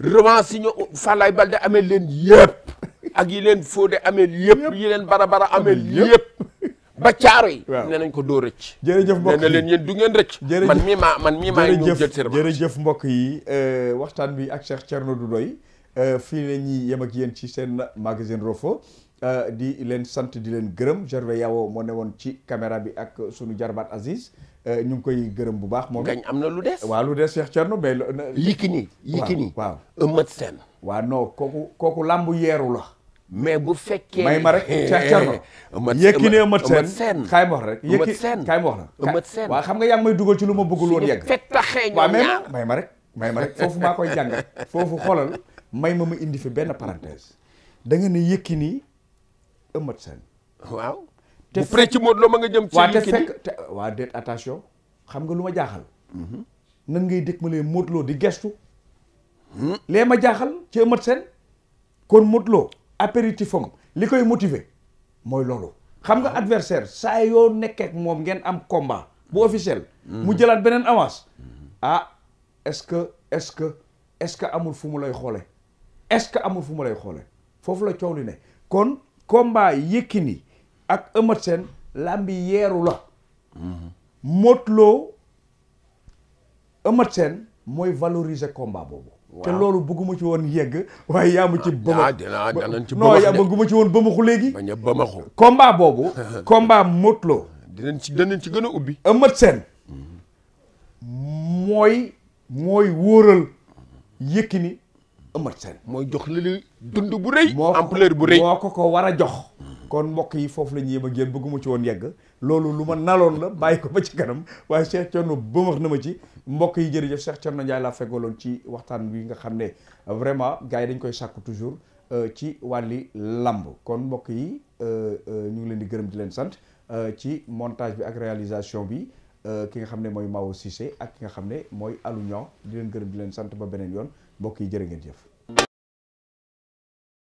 revanche yi ñu amee leen yëpp ak yi leen Fodé amee yëpp yi leen Barabara amee yëpp ba caaro yi. waaw nee nañ ko doo rëcc. jërëjëf mbokk leen yéen du ngeen rëcc. jërëjëf man mii maa man mii maa ngi ñëw jël jërëjëf mbokk yi euh, waxtaan bi ak Cheikh cerno du doy euh, fii la ñuy yem ak yéen ci seen magazine Roffo euh, di leen sant di leen gërëm Gervais Yao moo ne woon ci caméra bi ak sunu jarbaat Aziz ñu ngi koy gërëm bu baax. moom gañ am na lu des. waaw lu des Cheikh Thierno mais. Yékini Yékini waaw waaw. Eumeu Sène. waaw non kooku kooku làmb yeeru la. mais bu fekkee may ma rek ca Thierno Yékini Eumeu Sène kaay ma wax rek Eumeu Sène kaay ma wax na Eumeu Sène waaw xam nga yaa may dugal ci lu ma bëggul woon yegg fettaxee ñoom ñaar waaw may ma rek may ma foofu maa koy may ma ma indi fi benn parenthèse da nga ne Yékini Eumeu Sène waaw te bu pré ci Modou ma nga jëm ci Yékini waaw te fekk te waaw déet attention xam nga lu ma jaaxal mhm. nan ngay dég ma lee Modou di gestu hmm? lee ma jaaxal ci Eumeu Sène kon Modou apéritif am li koy motiver mooy loolu. xam nga ah. adversaire saa yoo nekkee moom ngeen am combat bu officiel. Hmm. mu jëlaat beneen avance. ah est-ce que est-ce que est-ce que amul fu mu lay xoolee. est-ce que amul fu mu lay xoolee foofu la coow li ne kon combat ni ak Eumeu Sène làmbi yeeru la. Hmm. Modou Lô Eumeu mooy valoriser combat boobu. te loolu bëgguma ci woon yegg waaye yaa ma ci ah, bëma dina danañ ci non yaa bëgguma ci woon bëmaxu léegi bañ a bëmaxu combat boobu combat Modou Lo dinañ ci danañ ci gën a ubbi Eumeu Sène mooy mooy wóoral ni Eumeu Sène mooy jox li li dund bu rëy ampleur bu rëy moo ko ko war a jox kon mbokk yi foofu la ñuy yëm ak yéen bëgguma ci woon yegg loolu lu ma naloon la bàyyi ko ba ci kanam waaye Cheikh Thiono bëmax na ma ci mbokk yi jërëjëf Cheikh Thierno Ndiaye laa feggaloon ci waxtaan wi nga xam ne vraiment gars yi dañ koy sàkku toujours euh, ci wàlli lamb kon mbokk yi euh, euh, ñu ngi leen di gërëm di leen sant ci montage bi ak réalisation bi ki nga xam ne mooy Mao Cissé ak ki nga xam ne mooy alu ñoo di leen gërëm di leen sant ba beneen yoon mbokk yi jërë ngeen jëf